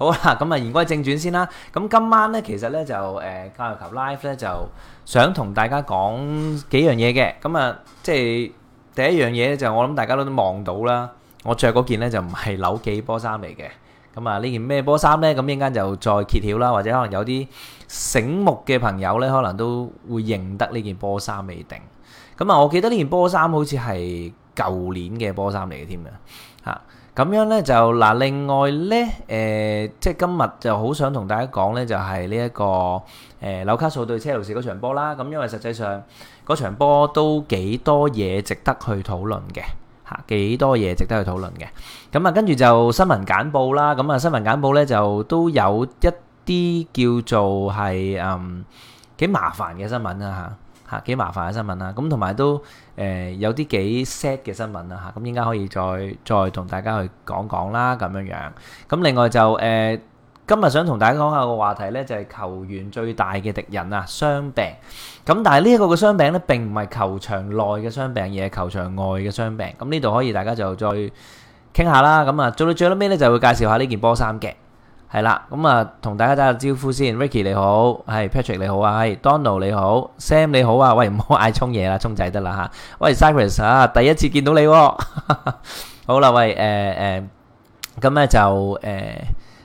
好啦，咁啊，言歸正傳先啦。咁今晚咧，其實咧就誒，界外球 Live 咧，就想同大家講幾樣嘢嘅。咁啊，即係第一樣嘢咧就我諗大家都望到啦。我著嗰件咧就唔係紐記波衫嚟嘅。咁啊，呢件咩波衫咧？咁一陣間就再揭曉啦。或者可能有啲醒目嘅朋友咧，可能都會認得呢件波衫未定。咁啊，我記得呢件波衫好似係舊年嘅波衫嚟嘅添啊，嚇。咁樣咧就嗱，另外咧誒、呃，即係今日就好想同大家講咧，就係呢一個誒紐、呃、卡素對車路士嗰場波啦。咁因為實際上嗰場波都幾多嘢值得去討論嘅嚇、啊，幾多嘢值得去討論嘅。咁啊，跟住就新聞簡報啦。咁啊，新聞簡報咧就都有一啲叫做係嗯幾麻煩嘅新聞啦嚇。啊嚇幾麻煩嘅新聞啦，咁同埋都誒有啲幾 sad 嘅新聞啦嚇，咁點解應該可以再再同大家去講講啦咁樣樣，咁另外就誒、呃、今日想同大家講下個話題咧，就係、是、球員最大嘅敵人啊傷病，咁但係呢一個嘅傷病咧並唔係球場內嘅傷病，而係球場外嘅傷病，咁呢度可以大家就再傾下啦，咁啊做到最後尾咧就會介紹下呢件波衫嘅。係啦，咁啊，同大家打個招呼先。Ricky 你好，係 Patrick 你好啊，係 Donald 你好，Sam 你好啊，喂，唔好嗌充嘢啦，充仔得啦吓。喂，Cyprus 啊，第一次見到你，好啦，喂，誒誒，咁咧就誒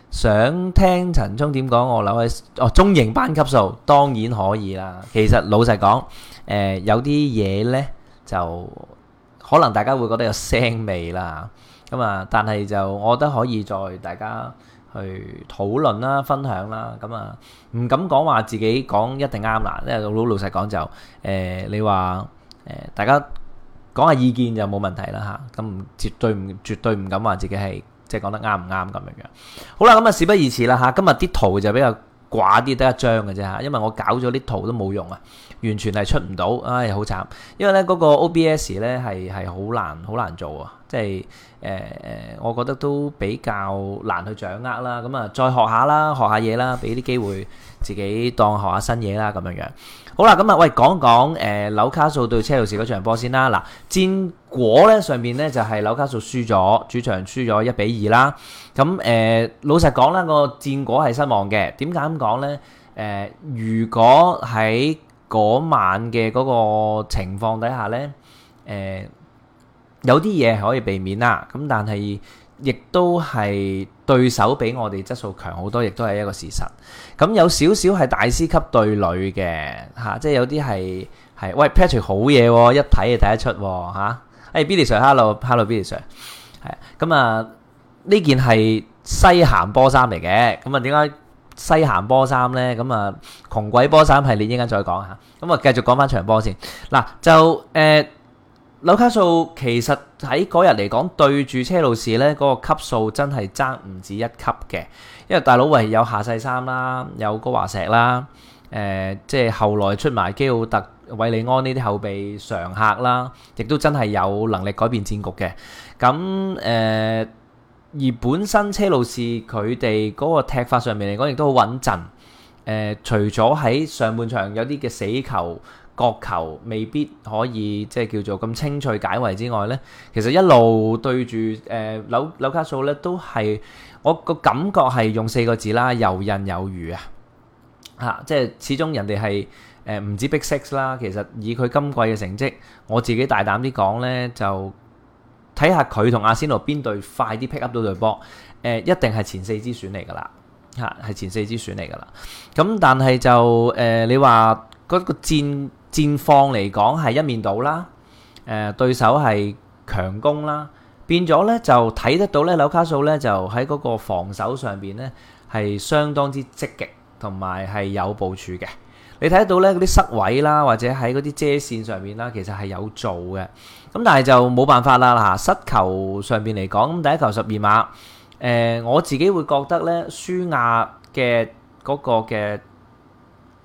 想聽陳聰點講，我諗誒，哦，中型班級數當然可以啦。其實老實講，誒有啲嘢咧就可能大家會覺得有腥味啦，咁啊，但係就我覺得可以在大家，去討論啦、分享啦，咁啊唔敢講話自己講一定啱啦，因為老老老實講就誒，你話誒、呃、大家講下意見就冇問題啦吓，咁、啊嗯、絕對唔絕對唔敢話自己係即係講得啱唔啱咁樣樣。好啦，咁啊事不宜遲啦吓、啊，今日啲圖就比較寡啲，得一張嘅啫嚇，因為我搞咗啲圖都冇用啊。完全係出唔到，唉，好慘！因為咧嗰、那個 OBS 咧係係好難好難做啊，即係誒誒，我覺得都比較難去掌握啦。咁、嗯、啊，再學下啦，學下嘢啦，俾啲機會自己當學下新嘢啦，咁樣樣。好啦，咁、嗯、啊，喂，講講誒紐卡素對車路士嗰場波先啦。嗱，戰果咧上面咧就係、是、紐卡素輸咗，主場輸咗一比二啦。咁、嗯、誒、呃，老實講啦，個戰果係失望嘅。點解咁講咧？誒、呃，如果喺嗰晚嘅嗰個情況底下咧，誒、呃、有啲嘢係可以避免啦。咁但係亦都係對手比我哋質素強好多，亦都係一個事實。咁有少少係大師級對壘嘅嚇，即係有啲係係喂 Patrick 好嘢，一睇就睇得出嚇。誒 Billy Sir，Hello，Hello Billy Sir，係咁啊，呢件係西咸波衫嚟嘅。咁啊，點解？西咸波衫咧，咁啊，窮鬼波衫系列一陣間再講吓，咁啊，繼續講翻場波先。嗱、啊、就誒、呃、紐卡素其實喺嗰日嚟講對住車路士咧，嗰、那個級數真係爭唔止一級嘅，因為大佬唯有夏薩特啦，有高華石啦，誒即係後來出埋基奧特、韋利安呢啲後備常客啦，亦都真係有能力改變戰局嘅。咁誒。呃而本身車路士佢哋嗰個踢法上面嚟講，亦都好穩陣。誒、呃，除咗喺上半場有啲嘅死球、角球未必可以即係叫做咁清脆解圍之外咧，其實一路對住誒紐紐卡素咧，都係我個感覺係用四個字啦，游刃有餘啊！嚇，即係始終人哋係誒唔止 Big Six 啦，其實以佢今季嘅成績，我自己大膽啲講咧就。睇下佢同阿仙奴邊隊快啲 pick up 到隊波，誒，一定係前四支選嚟㗎啦，嚇，係前四支選嚟㗎啦。咁但係就誒、呃，你話嗰個戰戰況嚟講係一面倒啦，誒、呃、對手係強攻啦，變咗咧就睇得到咧紐卡素咧就喺嗰個防守上邊咧係相當之積極同埋係有部署嘅。你睇得到咧啲塞位啦，或者喺嗰啲遮線上面啦，其實係有做嘅。咁但係就冇辦法啦。嗱，失球上邊嚟講，第一球十二碼。誒、呃，我自己會覺得咧，舒亞嘅嗰個嘅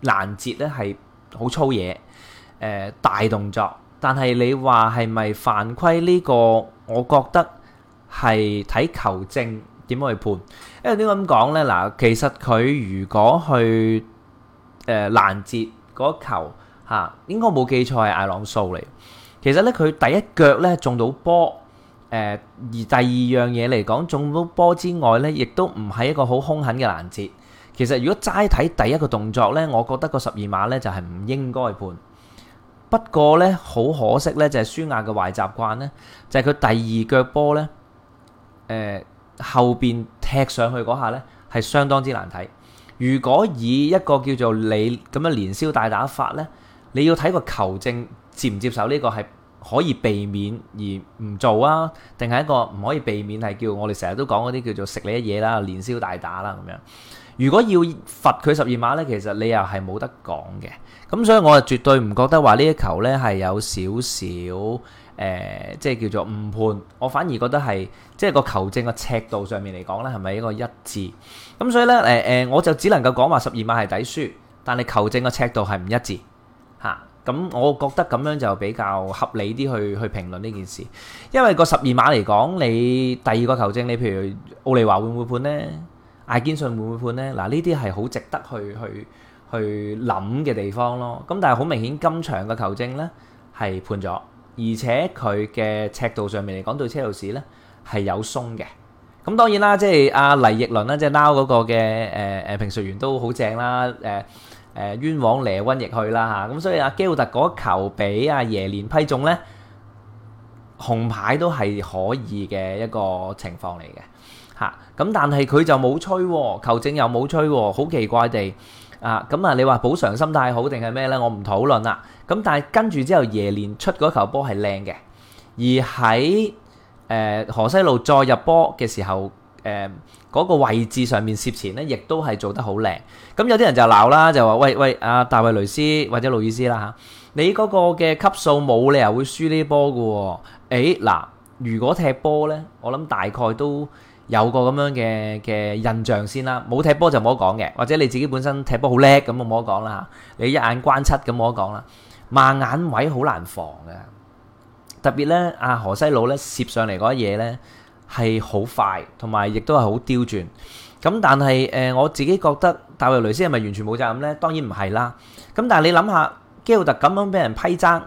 攔截咧係好粗嘢。誒、呃，大動作。但係你話係咪犯規呢個？我覺得係睇球證點去判。因為點解咁講咧？嗱，其實佢如果去誒，攔截嗰球吓，應該冇記錯係艾朗素嚟。其實咧，佢第一腳咧中到波，誒、呃、而第二樣嘢嚟講，中到波之外咧，亦都唔係一個好凶狠嘅攔截。其實如果齋睇第一個動作咧，我覺得個十二碼咧就係、是、唔應該判。不過咧，好可惜咧，就係舒亞嘅壞習慣咧，就係、是、佢第二腳波咧，誒、呃、後邊踢上去嗰下咧，係相當之難睇。如果以一個叫做你咁樣連消帶打法呢，你要睇個球證接唔接受呢個係可以避免而唔做啊，定係一個唔可以避免係叫我哋成日都講嗰啲叫做食你一嘢啦，連消帶打啦咁樣。如果要罰佢十二碼呢，其實你又係冇得講嘅。咁所以我係絕對唔覺得話呢一球呢係有少少。誒、呃，即係叫做誤判，我反而覺得係即係個球證嘅尺度上面嚟講咧，係咪一個一致？咁所以咧，誒、呃、誒，我就只能夠講話十二碼係抵輸，但係球證嘅尺度係唔一致嚇。咁、啊、我覺得咁樣就比較合理啲去去評論呢件事，因為個十二碼嚟講，你第二個球證，你譬如奧利華會唔會判咧？艾堅信會唔會判咧？嗱，呢啲係好值得去去去諗嘅地方咯。咁但係好明顯，今場嘅球證咧係判咗。而且佢嘅尺度上面嚟講，對車路士咧係有鬆嘅。咁當然啦，即係阿、啊、黎奕倫啦，即係 Now 嗰個嘅誒誒評述員都好正啦，誒、呃、誒冤枉咧温亦去啦嚇。咁、啊、所以阿、啊、基奧特嗰球俾阿、啊、耶連批中咧紅牌都係可以嘅一個情況嚟嘅嚇。咁、啊、但係佢就冇吹、啊，球證又冇吹、啊，好奇怪地。啊，咁、嗯、啊，你話補償心態好定係咩呢？我唔討論啦。咁、嗯、但係跟住之後，耶連出嗰球波係靚嘅，而喺誒河西路再入波嘅時候，誒、呃、嗰、那個位置上面涉前呢，亦都係做得好靚。咁、嗯、有啲人就鬧啦，就話喂喂，阿、啊、大衛雷斯或者路易斯啦嚇、啊，你嗰個嘅級數冇理由會輸呢波嘅喎？嗱、欸，如果踢波呢，我諗大概都。有個咁樣嘅嘅印象先啦，冇踢波就冇得講嘅，或者你自己本身踢波好叻咁，冇得講啦，你一眼關七咁，冇得講啦，盲眼位好難防嘅，特別呢，阿何西佬呢，攝上嚟嗰啲嘢呢，係好快，同埋亦都係好刁鑽。咁但係誒，我自己覺得戴維雷斯係咪完全冇責任呢？當然唔係啦。咁但係你諗下，基奧特咁樣俾人批爭，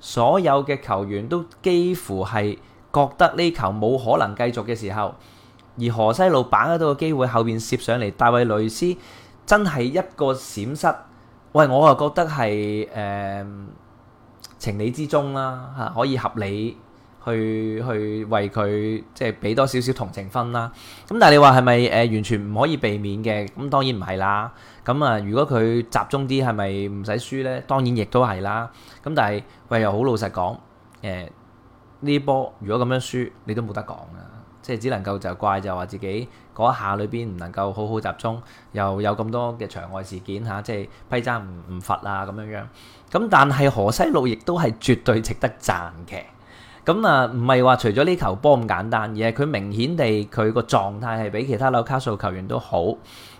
所有嘅球員都幾乎係覺得呢球冇可能繼續嘅時候。而河西老闆喺度嘅機會後邊攝上嚟，大衛雷斯真係一個閃失。喂，我啊覺得係誒、呃、情理之中啦，嚇、啊、可以合理去去為佢即係俾多少少同情分啦。咁、啊、但係你話係咪誒完全唔可以避免嘅？咁當然唔係啦。咁、嗯、啊，如果佢集中啲，係咪唔使輸呢？當然亦都係啦。咁但係喂又好老實講，誒、呃、呢波如果咁樣輸，你都冇得講㗎。即係只能夠就怪就話自己嗰一下裏邊唔能夠好好集中，又有咁多嘅場外事件嚇、啊，即係批爭唔唔罰啊咁樣樣。咁但係河西路亦都係絕對值得讚嘅。咁啊，唔係話除咗呢球波咁簡單，而係佢明顯地佢個狀態係比其他紐卡素球員都好。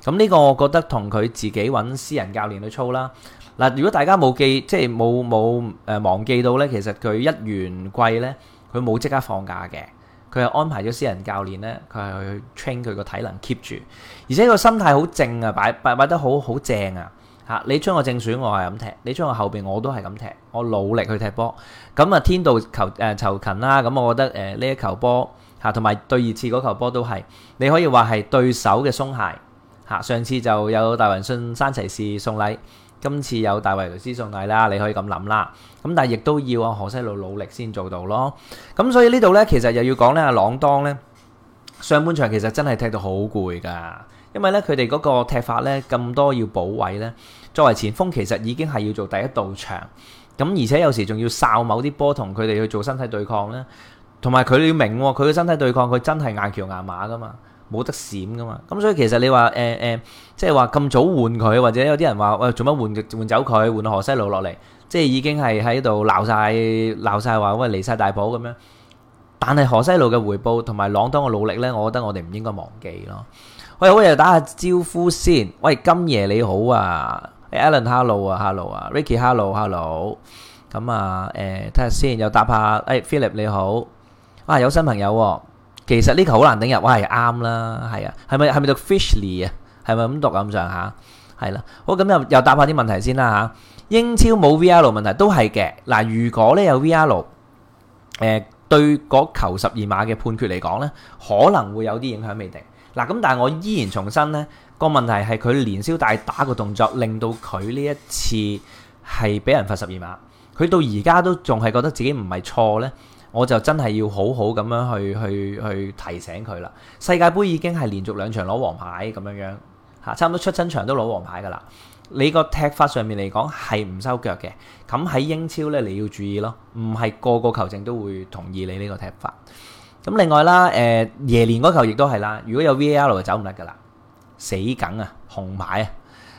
咁呢個我覺得同佢自己揾私人教練去操啦。嗱，如果大家冇記即係冇冇誒忘記到呢，其實佢一完季呢，佢冇即刻放假嘅。佢係安排咗私人教練咧，佢係去 train 佢個體能 keep 住，而且個心態好正啊，擺擺擺得好好正啊嚇！你將我正選，我係咁踢；你將我後邊，我都係咁踢。我努力去踢波，咁、嗯、啊天道求誒酬勤啦。咁、啊、我覺得誒呢、呃、一球波嚇，同、啊、埋第二次嗰球波都係，你可以話係對手嘅鬆懈嚇、啊。上次就有大雲信山齊士送禮。今次有大衛雷斯送禮啦，你可以咁諗啦。咁但係亦都要啊何西魯努力先做到咯。咁所以呢度咧，其實又要講咧阿朗當咧，上半場其實真係踢到好攰噶，因為咧佢哋嗰個踢法咧咁多要補位咧，作為前鋒其實已經係要做第一道牆。咁而且有時仲要哨某啲波同佢哋去做身體對抗咧，同埋佢要明喎，佢嘅身體對抗佢真係硬橋硬馬噶嘛。冇得閃噶嘛，咁所以其實你話誒誒，即係話咁早換佢，或者有啲人話喂做乜換換走佢，換到河西路落嚟，即係已經係喺度鬧晒鬧曬話喂離晒大埔。咁樣。但係河西路嘅回報同埋朗當嘅努力呢，我覺得我哋唔應該忘記咯。喂，好又打下招呼先。喂，今夜你好啊、hey,，Allen，hello 啊，hello 啊，Ricky，hello，hello。咁啊誒，睇下、呃、先，又打下誒、hey, Philip 你好，啊有新朋友喎、啊。其實呢球好難頂入，我係啱啦，係啊，係咪係咪讀 fishly 啊？係咪咁讀啊？咁上下，係啦。好，咁又又答返啲問題先啦嚇。英超冇 VR 問題都係嘅。嗱，如果咧有 VR，誒對嗰球十二碼嘅判決嚟講咧，可能會有啲影響未定。嗱，咁，但係我依然重申咧，個問題係佢連消帶打個動作，令到佢呢一次係俾人罰十二碼。佢到而家都仲係覺得自己唔係錯咧。我就真係要好好咁樣去去去提醒佢啦！世界盃已經係連續兩場攞黃牌咁樣樣吓，差唔多出親場都攞黃牌噶啦！你個踢法上面嚟講係唔收腳嘅，咁喺英超咧你要注意咯，唔係個個球證都會同意你呢個踢法。咁另外啦，誒耶連嗰球亦都係啦，如果有 VAR 就走唔甩噶啦，死梗啊紅牌啊！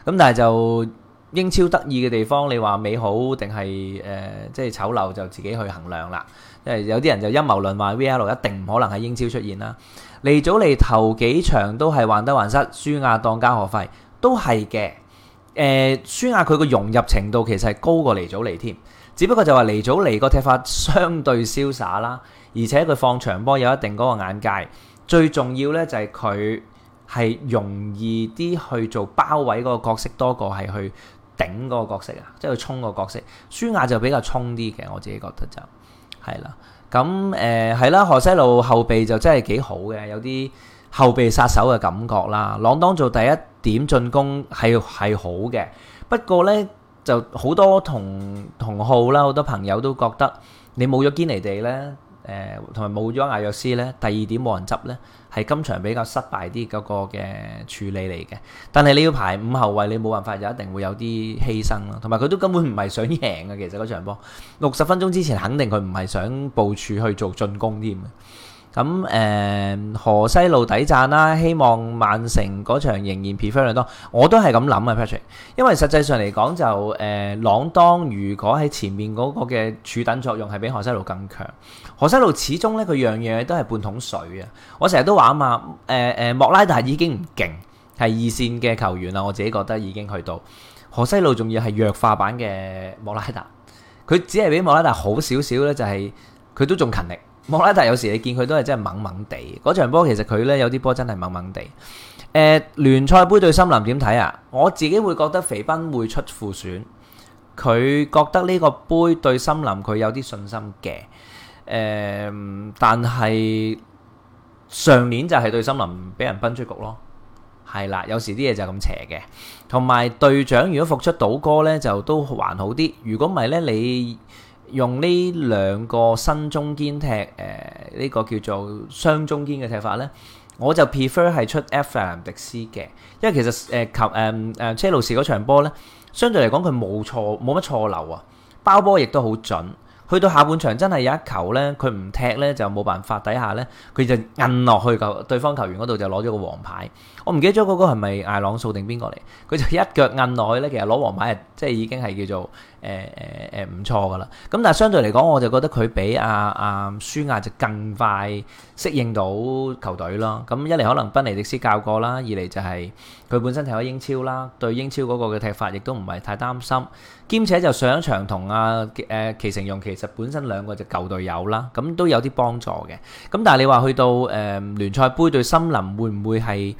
咁但係就英超得意嘅地方，你話美好定係誒即係醜陋就自己去衡量啦。即係有啲人就陰謀論話 V L 一定唔可能喺英超出現啦。黎祖尼頭幾場都係患得患失，舒亞當交學費都係嘅。誒、呃，舒亞佢個融入程度其實係高過黎祖尼添，只不過就話黎祖尼個踢法相對瀟灑啦，而且佢放長波有一定嗰個眼界。最重要咧就係佢係容易啲去做包圍嗰個角色多過係去頂嗰個角色啊，即係去衝個角色。舒亞就比較衝啲嘅，我自己覺得就。係啦，咁誒係啦，河、呃、西路後備就真係幾好嘅，有啲後備殺手嘅感覺啦。朗當做第一點進攻係係好嘅，不過咧就好多同同號啦，好多朋友都覺得你冇咗堅尼地咧，誒同埋冇咗艾約斯咧，第二點冇人執咧。係今場比較失敗啲嗰個嘅處理嚟嘅，但係你要排五後衞，你冇辦法就一定會有啲犧牲咯。同埋佢都根本唔係想贏嘅，其實嗰場波六十分鐘之前肯定佢唔係想部署去做進攻添嘅。咁誒，河、嗯、西路抵讚啦，希望曼城嗰場仍然 prefer 多。我都係咁諗啊，Patrick。因為實際上嚟講就誒，朗當如果喺前面嗰個嘅柱等作用係比河西路更強。河西路始終咧，佢樣樣嘢都係半桶水啊。我成日都話啊嘛，誒、嗯、誒、嗯嗯，莫拉達已經唔勁，係二線嘅球員啦。我自己覺得已經去到河西路，仲要係弱化版嘅莫拉達。佢只係比莫拉達好少少咧，就係、是、佢都仲勤力。莫拉塔，但有時你見佢都係真係猛猛地，嗰場波其實佢呢，有啲波真係猛猛地。誒、呃、聯賽杯對森林點睇啊？我自己會覺得肥斌會出副選，佢覺得呢個杯對森林佢有啲信心嘅。誒、呃，但係上年就係對森林俾人賓出局咯。係啦，有時啲嘢就係咁邪嘅。同埋隊長如果復出倒歌呢，就都還好啲。如果唔係呢，你。用呢兩個新中堅踢誒呢、呃呢個叫做雙中堅嘅踢法呢，我就 prefer 係出 f 弗迪斯嘅，因為其實誒、呃、球誒誒、呃、車路士嗰場波呢，相對嚟講佢冇錯，冇乜錯漏啊，包波亦都好準。去到下半場真係有一球呢，佢唔踢呢，就冇辦法底下呢，佢就摁落去球對方球員嗰度就攞咗個黃牌。我唔記得咗嗰個係咪艾朗素定邊個嚟？佢就一腳韌內咧，其實攞皇馬係即係已經係叫做誒誒誒唔錯噶啦。咁但係相對嚟講，我就覺得佢比阿阿舒亞就更快適應到球隊咯。咁一嚟可能賓尼迪斯教過啦，二嚟就係佢本身踢咗英超啦，對英超嗰個嘅踢法亦都唔係太擔心。兼且就上場同阿誒祁成容其實本身兩個就舊隊友啦，咁都有啲幫助嘅。咁但係你話去到誒聯賽杯對森林會唔會係？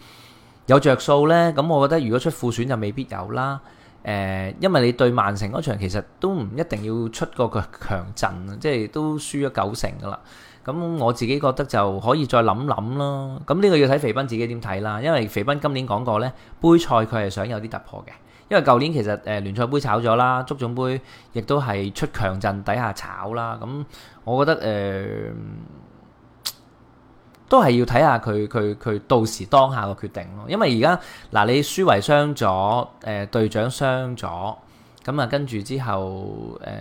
有着數呢，咁我覺得如果出副選就未必有啦。誒、呃，因為你對曼城嗰場其實都唔一定要出個強陣，即係都輸咗九成噶啦。咁我自己覺得就可以再諗諗咯。咁呢個要睇肥斌自己點睇啦。因為肥斌今年講過呢，杯賽佢係想有啲突破嘅。因為舊年其實誒、呃、聯賽杯炒咗啦，足總杯亦都係出強陣底下炒啦。咁我覺得誒、呃都係要睇下佢佢佢到時當下個決定咯，因為而家嗱你舒維傷咗，誒、呃、隊長傷咗，咁啊跟住之後誒、呃、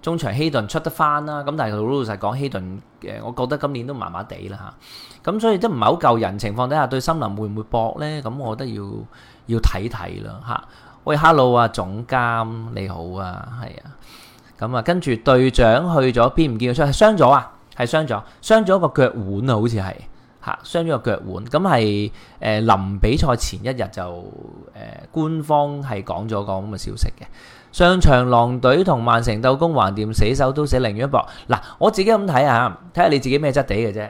中場希頓出得翻啦，咁但係老老實實講希頓誒、呃，我覺得今年都麻麻地啦嚇，咁、啊、所以都唔係好夠人情況底下，對森林會唔會搏咧？咁、嗯、我覺得要要睇睇咯嚇。喂，Hello 啊總監你好啊，係啊，咁啊跟住隊長去咗邊唔見佢出，傷咗啊？係傷咗，傷咗個腳腕啊，好似係嚇，傷咗個腳腕。咁係誒臨比賽前一日就誒、呃、官方係講咗個咁嘅消息嘅。上場狼隊同曼城鬥攻橫掂，死手都死，寧願搏。嗱，我自己咁睇下，睇下你自己咩質地嘅啫，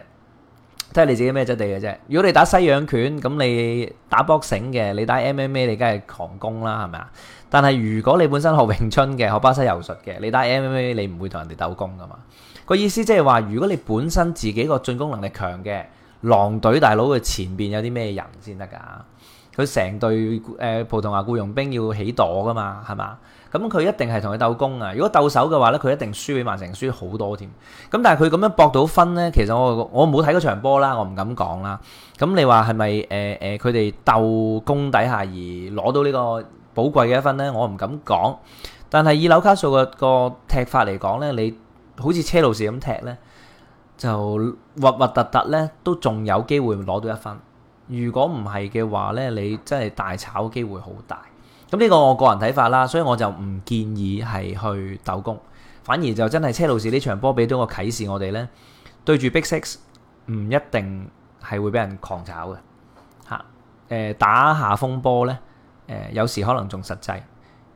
睇下你自己咩質地嘅啫。如果你打西洋拳咁，你打 boxing 嘅，你打 MMA 你梗係狂攻啦，係咪啊？但係如果你本身學詠春嘅，學巴西柔術嘅，你打 MMA 你唔會同人哋鬥攻噶嘛。個意思即係話，如果你本身自己個進攻能力強嘅狼隊大佬嘅前邊有啲咩人先得㗎？佢成隊誒、呃、葡萄牙僱傭兵要起墮㗎嘛，係嘛？咁佢一定係同佢鬥攻啊！如果鬥手嘅話咧，佢一定輸俾曼城輸好多添。咁但係佢咁樣搏到分咧，其實我我冇睇嗰場波啦，我唔敢講啦。咁你話係咪誒誒佢哋鬥攻底下而攞到呢個寶貴嘅一分咧？我唔敢講。但係以紐卡素嘅、個踢法嚟講咧，你。好似車路士咁踢咧，就核核突突咧，都仲有機會攞到一分。如果唔係嘅話咧，你真係大炒機會好大。咁、嗯、呢、這個我個人睇法啦，所以我就唔建議係去鬥攻，反而就真係車路士呢場波俾到個啟示我哋咧，對住 Big Six 唔一定係會俾人狂炒嘅。嚇，誒、呃、打下風波咧，誒、呃、有時可能仲實際。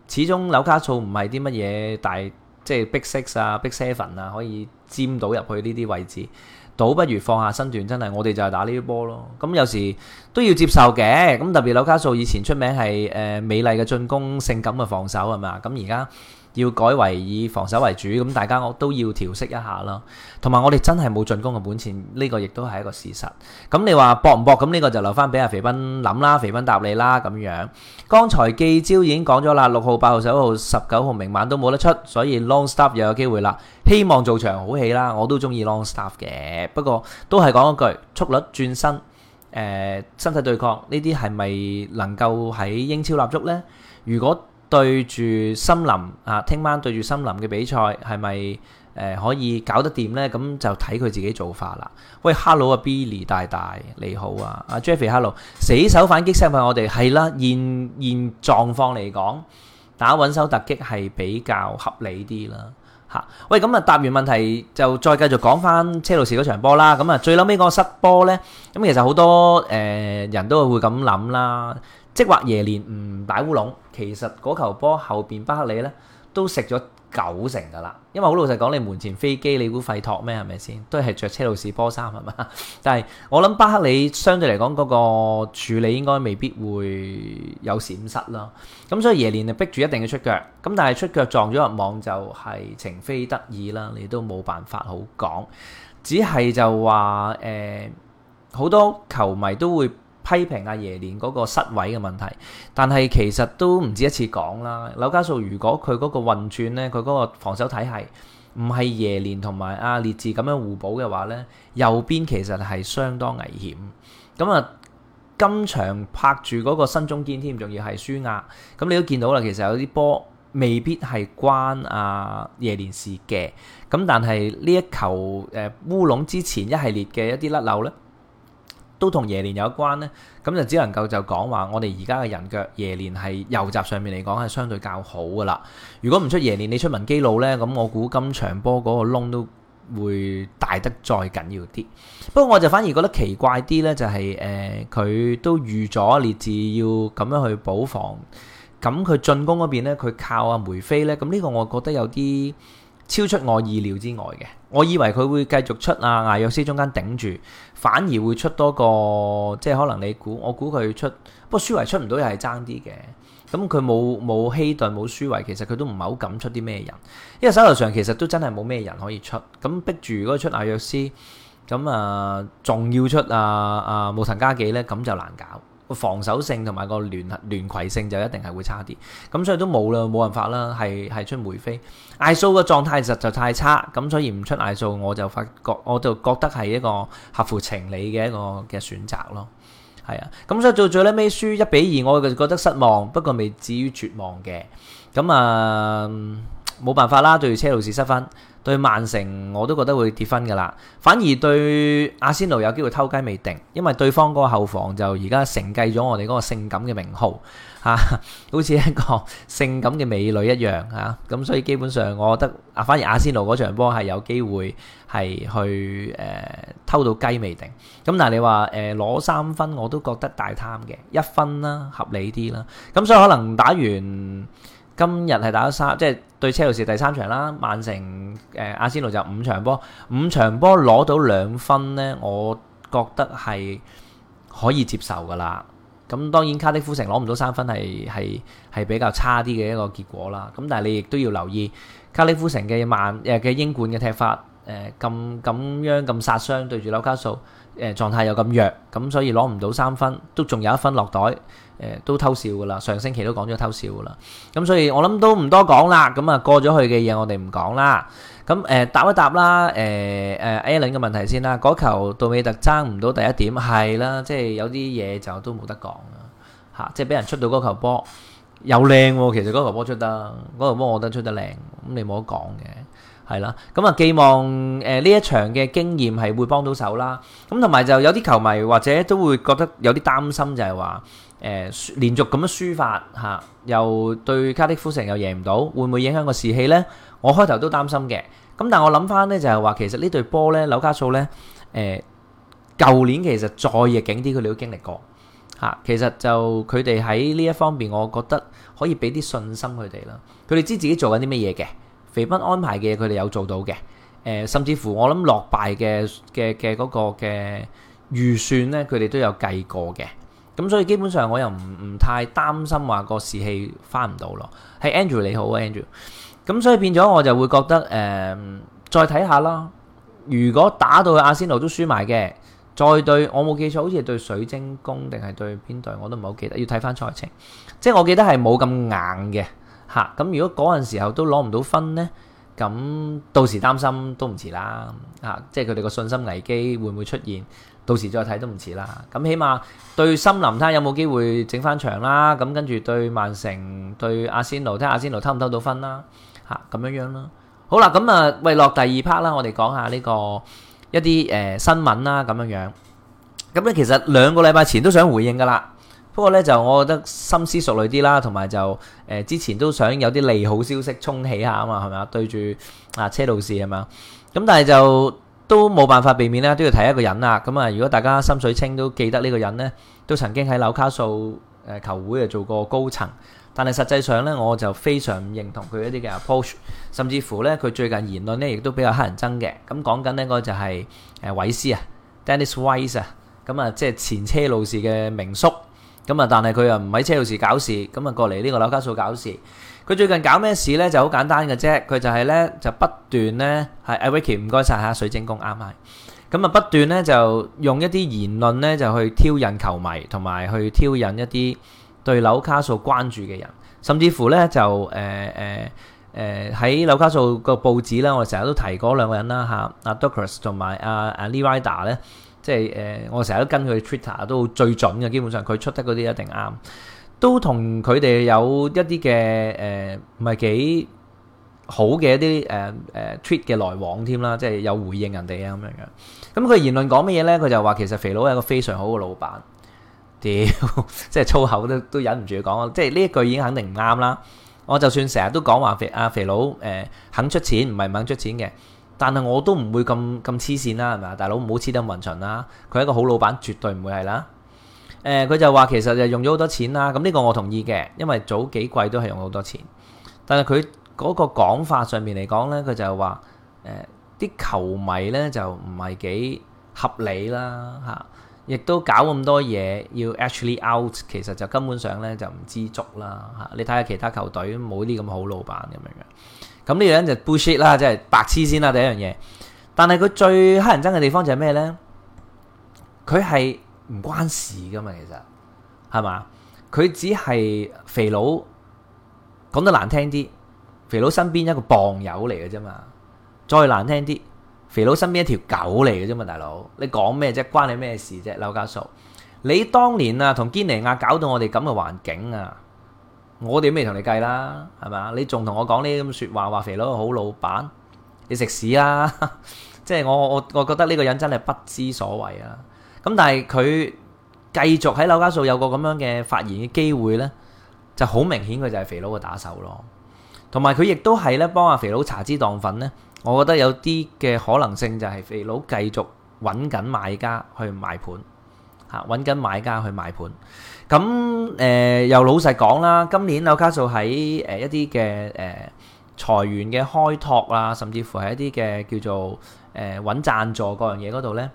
始終紐卡素唔係啲乜嘢大。即係 Big Six 啊、Big Seven 啊，可以佔到入去呢啲位置，倒不如放下身段，真係我哋就係打呢啲波咯。咁、嗯、有時都要接受嘅，咁、嗯、特別紐卡素以前出名係誒、呃、美麗嘅進攻、性感嘅防守係嘛？咁而家，嗯要改為以防守為主，咁大家我都要調適一下啦。同埋我哋真係冇進攻嘅本錢，呢個亦都係一個事實。咁你話搏唔搏？咁呢個就留翻俾阿肥斌諗啦，肥斌答你啦咁樣。剛才記招已經講咗啦，六號、八號、十一號、十九號明晚都冇得出，所以 long stop 又有機會啦。希望做場好戲啦，我都中意 long stop 嘅，不過都係講一句，速率、轉身、誒身體對抗呢啲係咪能夠喺英超立足呢？如果對住森林啊，聽晚對住森林嘅比賽係咪誒可以搞得掂呢？咁就睇佢自己做法啦。喂，Hello 啊，Billy 大大你好啊，阿 Jeffrey，Hello，死守反擊聲問我哋係啦，現現狀況嚟講，打穩守突擊係比較合理啲啦嚇、啊。喂，咁、嗯、啊答完問題就再繼續講翻車路士嗰場波、嗯嗯呃、啦。咁啊最撚尾嗰個失波呢？咁其實好多誒人都係會咁諗啦。即或耶連唔擺烏龍，其實嗰球波後邊巴克里呢都食咗九成噶啦。因為好老實講，你門前飛機，你估廢托咩？係咪先？都係着車路士波衫係嘛？但係我諗巴克里相對嚟講嗰個處理應該未必會有閃失咯。咁所以耶連就逼住一定要出腳。咁但係出腳撞咗入網就係情非得已啦。你都冇辦法好講，只係就話誒好多球迷都會，批評阿、啊、耶連嗰個失位嘅問題，但係其實都唔止一次講啦。紐卡素如果佢嗰個運轉咧，佢嗰個防守體系唔係耶連同埋阿列治咁樣互補嘅話咧，右邊其實係相當危險。咁啊，今場拍住嗰個新中堅添，仲要係輸壓。咁你都見到啦，其實有啲波未必係關阿、啊、耶連事嘅。咁但係呢一球誒、呃、烏龍之前一系列嘅一啲甩漏咧，都同耶連有一關咧，咁就只能夠就講話我哋而家嘅人腳耶連係右襲上面嚟講係相對較好噶啦。如果唔出耶連，你出文基路呢，咁我估今場波嗰個窿都會大得再緊要啲。不過我就反而覺得奇怪啲呢、就是，就係誒佢都預咗列治要咁樣去補防，咁佢進攻嗰邊呢，佢靠阿梅飛呢，咁呢個我覺得有啲超出我意料之外嘅。我以為佢會繼續出啊，艾藥師中間頂住，反而會出多個，即係可能你估，我估佢出，書出不過舒維出唔到又係爭啲嘅。咁佢冇冇希頓冇舒維，其實佢都唔係好敢出啲咩人，因為手頭上其實都真係冇咩人可以出，咁逼住嗰出艾藥師，咁啊，仲要出啊啊武藤嘉紀咧，咁就難搞。防守性同埋個聯聯繫性就一定係會差啲，咁所以都冇啦，冇辦法啦，係係出梅飛艾素嘅狀態實就太差，咁所以唔出艾素，我就發覺我就覺得係一個合乎情理嘅一個嘅選擇咯，係啊，咁所以到最尾尾輸一比二，2，我就覺得失望，不過未至於絕望嘅，咁啊冇辦法啦，對車路士失分。對曼城我都覺得會跌分嘅啦，反而對阿仙奴有機會偷雞未定，因為對方嗰個後防就而家承繼咗我哋嗰個性感嘅名號嚇，好、啊、似一個性感嘅美女一樣嚇，咁、啊、所以基本上我覺得啊，反而阿仙奴嗰場波係有機會係去誒、呃、偷到雞未定，咁但嗱你話誒攞三分我都覺得大貪嘅，一分啦，合理啲啦，咁所以可能打完。今日係打咗三，即係對車路士第三場啦。曼城誒阿仙奴就五場波，五場波攞到兩分呢，我覺得係可以接受噶啦。咁當然卡迪夫城攞唔到三分係係係比較差啲嘅一個結果啦。咁但係你亦都要留意卡迪夫城嘅慢誒嘅英冠嘅踢法誒咁咁樣，咁殺傷對住紐卡素誒狀態又咁弱，咁所以攞唔到三分都仲有一分落袋。誒，都偷笑噶啦，上星期都講咗偷笑噶啦，咁所以我諗都唔多講啦，咁啊過咗去嘅嘢我哋唔講啦，咁誒答一答啦，誒誒 Allen 嘅問題先啦，嗰球杜美特爭唔到第一點係啦，即係有啲嘢就都冇得講啦，吓，即係俾人出到嗰球波又靚，其實嗰球波出得，嗰球波我覺得出得靚，咁你冇得講嘅，係啦，咁啊寄望誒呢一場嘅經驗係會幫到手啦，咁同埋就有啲球迷或者都會覺得有啲擔心就係話。誒連續咁樣輸法嚇，又對卡迪夫城又贏唔到，會唔會影響個士氣呢？我開頭都擔心嘅，咁但係我諗翻呢，就係話，其實呢隊波呢，紐卡素呢，誒舊年其實再逆境啲佢哋都經歷過嚇、啊，其實就佢哋喺呢一方面，我覺得可以俾啲信心佢哋啦。佢哋知自己做緊啲乜嘢嘅，肥賓安排嘅嘢佢哋有做到嘅、呃，甚至乎我諗落敗嘅嘅嘅嗰個嘅預算呢，佢哋都有計過嘅。咁所以基本上我又唔唔太擔心話個士氣翻唔到咯。係 Andrew 你好啊 Andrew。咁所以變咗我就會覺得誒、呃、再睇下啦。如果打到阿仙奴都輸埋嘅，再對我冇記錯好似係對水晶宮定係對邊隊我都唔係好記得，要睇翻賽程。即係我記得係冇咁硬嘅嚇。咁、啊、如果嗰陣時候都攞唔到分呢，咁到時擔心都唔遲啦。啊，即係佢哋個信心危機會唔會出現？到時再睇都唔遲啦。咁起碼對森林睇下有冇機會整翻場啦？咁跟住對曼城對阿仙奴，睇下阿仙奴偷唔偷到分啦？嚇咁樣樣啦。好啦，咁啊，為落第二 part 啦，我哋講下呢個一啲誒新聞啦，咁樣樣。咁咧其實兩個禮拜前都想回應噶啦，不過咧就我覺得深思熟慮啲啦，同埋就誒之前都想有啲利好消息沖喜下啊嘛，係咪啊？對住啊車路士係咪啊？咁但係就。都冇辦法避免啦，都要睇一個人啦。咁啊，如果大家心水清都記得呢個人呢，都曾經喺紐卡素誒球會啊做過高層。但係實際上呢，我就非常唔認同佢一啲嘅 approach，甚至乎呢，佢最近言論呢亦都比較黑人憎嘅。咁講緊呢個就係誒韋斯啊，Dennis Wise 啊，咁啊即係前車路士嘅名宿。咁啊，但係佢又唔喺車路士搞事，咁啊過嚟呢個紐卡素搞事。佢最近搞咩事咧？就好簡單嘅啫，佢就係咧就不斷咧，係阿 Ricky 唔該晒，嚇水晶宮啱係，咁啊不斷咧就用一啲言論咧就去挑釁球迷同埋去挑釁一啲對紐卡素關注嘅人，甚至乎咧就誒誒誒喺紐卡素個報紙啦，我成日都提過兩個人啦吓阿 Duchars 同埋阿阿 Lee Ryder 咧，即係誒、呃、我成日都跟佢 Twitter 都最準嘅，基本上佢出得嗰啲一定啱。都同佢哋有一啲嘅誒，唔係幾好嘅一啲誒誒 tweet 嘅來往添啦，即係有回應人哋啊咁樣樣。咁佢言論講乜嘢咧？佢就話其實肥佬係一個非常好嘅老闆。屌， 即係粗口都都忍唔住講。即係呢一句已經肯定唔啱啦。我就算成日都講話肥阿肥佬誒肯出錢，唔係唔肯出錢嘅，但係我都唔會咁咁黐線啦，係咪啊？大佬唔好黐得咁勻巡啦。佢係一個好老闆，絕對唔會係啦。誒佢、呃、就話其實就用咗好多錢啦，咁、這、呢個我同意嘅，因為早幾季都係用咗好多錢。但係佢嗰個講法上面嚟講呢，佢就係話啲球迷呢就唔係幾合理啦吓、啊，亦都搞咁多嘢要 actually out，其實就根本上呢就唔知足啦吓、啊。你睇下其他球隊冇啲咁好老闆咁樣嘅。咁呢樣個就 bullshit 啦，即係白痴先啦第一樣嘢。但係佢最乞人憎嘅地方就係咩呢？佢係。唔關事噶嘛，其實係嘛？佢只係肥佬講得難聽啲，肥佬身邊一個傍友嚟嘅啫嘛。再難聽啲，肥佬身邊一條狗嚟嘅啫嘛，大佬。你講咩啫？關你咩事啫，劉家樹？你當年啊，同堅尼亞搞到我哋咁嘅環境啊，我哋都未同你計啦，係嘛？你仲同我講呢啲咁説話，話肥佬好老闆，你食屎啦、啊！ 即係我我我覺得呢個人真係不知所謂啊！咁但係佢繼續喺紐卡素有個咁樣嘅發言嘅機會呢，就好明顯佢就係肥佬嘅打手咯。同埋佢亦都係咧幫阿肥佬查支檔粉呢。我覺得有啲嘅可能性就係肥佬繼續揾緊買家去買盤嚇，揾緊買家去買盤。咁、嗯、誒、呃、又老實講啦，今年紐卡素喺誒一啲嘅誒財源嘅開拓啊，甚至乎係一啲嘅叫做誒揾贊助嗰樣嘢嗰度呢。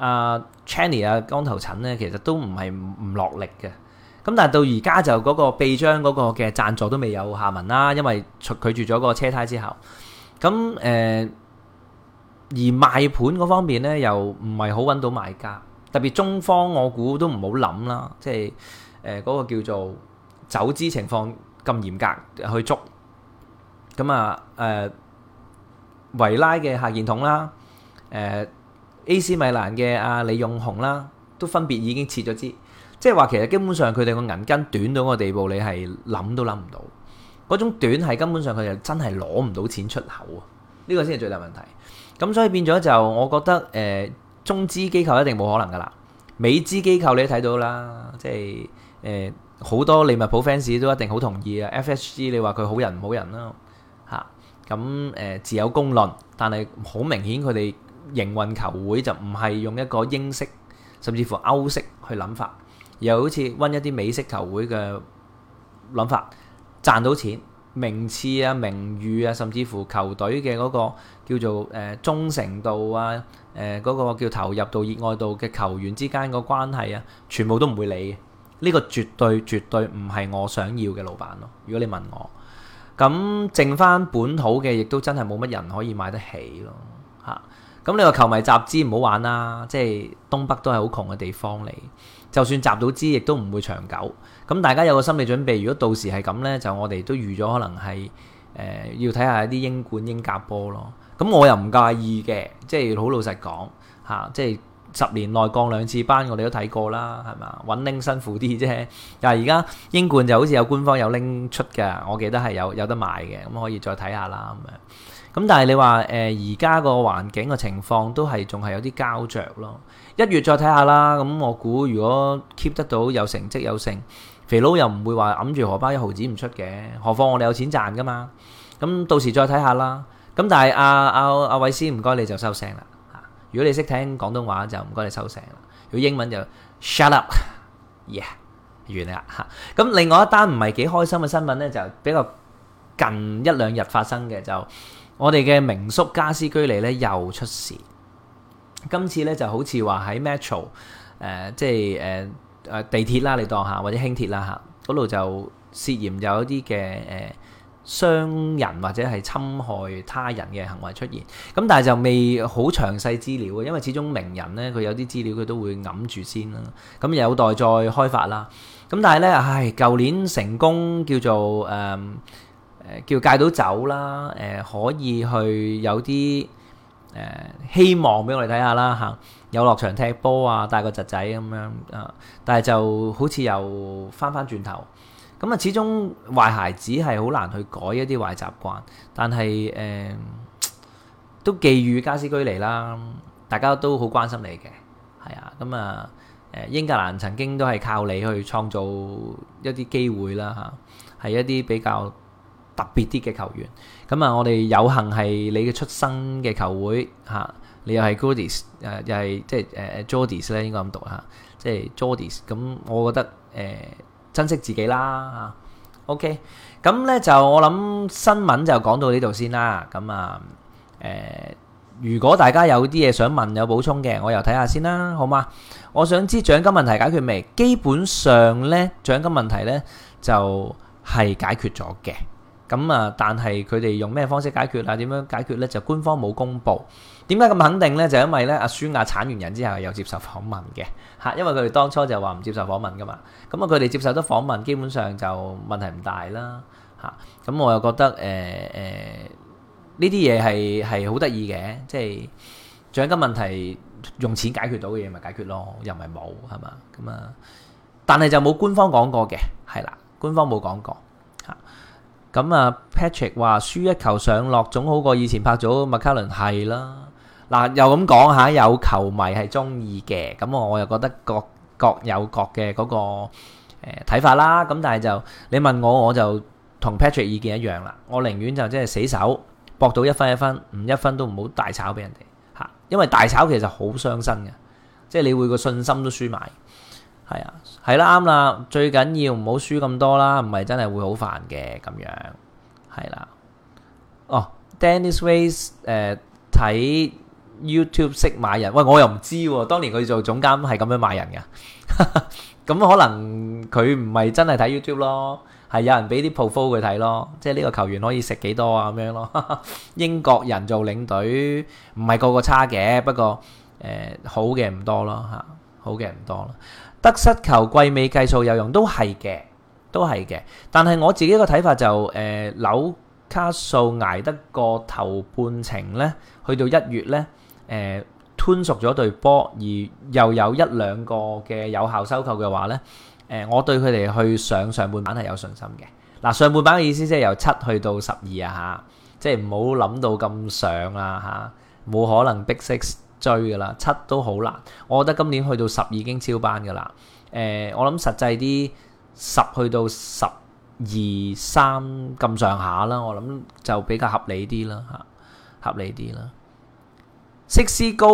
啊，Channy 啊，光、uh, 頭陳咧，其實都唔係唔落力嘅。咁但係到而家就嗰個臂章嗰個嘅贊助都未有下文啦，因為除佢住咗嗰個車胎之後，咁誒、呃、而賣盤嗰方面咧又唔係好揾到買家，特別中方我估都唔好諗啦，即係誒嗰個叫做走資情況咁嚴格去捉。咁啊誒維拉嘅客現桶啦，誒、呃。AC 米蘭嘅阿李勇鴻啦，都分別已經撤咗資。即係話其實基本上佢哋個銀根短到個地步，你係諗都諗唔到，嗰種短係根本上佢就真係攞唔到錢出口啊！呢、這個先係最大問題。咁所以變咗就，我覺得誒、呃、中資機構一定冇可能噶啦。美資機構你都睇到啦，即係誒好多利物浦 fans 都一定好同意啊。FHC 你話佢好人唔好人啦嚇，咁、嗯、誒、呃、自有公論，但係好明顯佢哋。營運球會就唔係用一個英式，甚至乎歐式去諗法，又好似揾一啲美式球會嘅諗法，賺到錢，名次啊、名譽啊，甚至乎球隊嘅嗰個叫做誒忠誠度啊、誒、呃、嗰、嗰個叫投入到熱愛度嘅球員之間個關係啊，全部都唔會理嘅。呢、呢個絕對絕對唔係我想要嘅老闆咯。如果你問我，咁剩翻本土嘅，亦都真係冇乜人可以買得起咯，嚇。咁你個球迷集資唔好玩啦，即係東北都係好窮嘅地方嚟，就算集到資，亦都唔會長久。咁大家有個心理準備，如果到時係咁呢，就我哋都預咗，可能係誒、呃、要睇下一啲英冠、英甲波咯。咁我又唔介意嘅，即係好老實講吓、啊，即係十年內降兩次班，我哋都睇過啦，係嘛？搵拎辛苦啲啫，但係而家英冠就好似有官方有拎出嘅，我記得係有有得買嘅，咁可以再睇下啦，咁樣。咁但係你話誒而家個環境個情況都係仲係有啲膠着咯。一月再睇下啦。咁、嗯、我估如果 keep 得到有成績有成，肥佬又唔會話揞住荷包一毫子唔出嘅。何況我哋有錢賺噶嘛。咁、嗯、到時再睇下啦。咁、嗯、但係阿阿阿韋斯唔該你就收聲啦。如果你識聽廣東話就唔該你收聲啦。如果英文就 shut up，yeah，完啦嚇。咁閉嘴、 yeah, 來 嗯、另外一單唔係幾開心嘅新聞咧，就比較近一兩日發生嘅就。我哋嘅名宿加斯居里咧又出事，今次咧就好似話喺 metro，誒、呃、即係誒誒地鐵啦，你當下或者輕鐵啦嚇，嗰度就涉嫌有一啲嘅誒傷人或者係侵害他人嘅行為出現，咁但係就未好詳細資料，因為始終名人咧佢有啲資料佢都會揞住先啦，咁、嗯、有待再開發啦。咁但係咧，唉，舊年成功叫做誒。呃叫戒到酒啦，誒、呃、可以去有啲誒、呃、希望俾我哋睇下啦嚇，有落場踢波啊，帶個侄仔咁樣啊、呃，但係就好似又翻翻轉頭，咁、嗯、啊始終壞孩子係好難去改一啲壞習慣，但係誒、呃、都寄語加斯居尼啦，大家都好關心你嘅，係啊，咁啊誒英格蘭曾經都係靠你去創造一啲機會啦嚇，係、啊、一啲比較。特別啲嘅球員咁啊，我哋有幸係你嘅出生嘅球會吓，你又係 Goodies 誒、啊，又係即係誒 Geordies 咧，就是呃、應該咁讀吓，即係 Geordies。咁、就是、我覺得誒、呃、珍惜自己啦吓。OK，咁咧就我諗新聞就講到呢度先啦。咁啊誒，如果大家有啲嘢想問，有補充嘅，我又睇下先啦，好嘛？我想知獎金問題解決未？基本上咧，獎金問題咧就係、是、解決咗嘅。咁啊、嗯！但係佢哋用咩方式解決啊？點樣解決呢？就官方冇公布。點解咁肯定呢？就因為咧，阿舒雅剷完人之後又接受訪問嘅嚇、啊。因為佢哋當初就話唔接受訪問噶嘛。咁、嗯、啊，佢哋接受到訪問，基本上就問題唔大啦嚇。咁、啊、我又覺得誒誒，呢啲嘢係係好得意嘅。即係獎金問題用錢解決到嘅嘢咪解決咯，又咪冇係嘛？咁啊、嗯，但係就冇官方講過嘅，係啦，官方冇講過嚇。啊。咁啊，Patrick 話輸一球上落總好過以前拍咗麥卡倫係啦。嗱又咁講下，有球迷係中意嘅。咁我又覺得各各有各嘅嗰個、呃、睇法啦。咁但係就你問我，我就同 Patrick 意見一樣啦。我寧願就即係死守，搏到一分一分，唔一分都唔好大炒俾人哋嚇。因為大炒其實好傷身嘅，即係你會個信心都輸埋。係啊，係啦，啱啦，最緊要唔好輸咁多啦，唔係真係會好煩嘅咁樣，係啦、啊。哦，Dennis Wise 誒、呃、睇 YouTube 識買人，喂，我又唔知喎、啊，當年佢做總監係咁樣買人噶，咁、 嗯、可能佢唔係真係睇 YouTube 咯，係有人俾啲 profile 佢睇咯，即係呢個球員可以食幾多啊咁樣咯。 英國人做領隊唔係個個差嘅，不過誒、呃、好嘅唔多咯吓，好嘅唔多咯。得失球季尾計數有用都係嘅，都係嘅。但係我自己個睇法就誒，紐卡素捱得過頭半程咧，去到一月咧，誒，吞熟咗對波，而又有一兩個嘅有效收購嘅話咧，誒，我對佢哋去上上半版係有信心嘅。嗱，上半版嘅意思即係由七去到十二啊嚇，即係唔好諗到咁上啊嚇，冇可能 Big Six。追噶啦，七都好難。我覺得今年去到十已經超班噶啦。誒、呃，我諗實際啲十去到十二三咁上下啦。我諗就比較合理啲啦，嚇，合理啲啦。色師高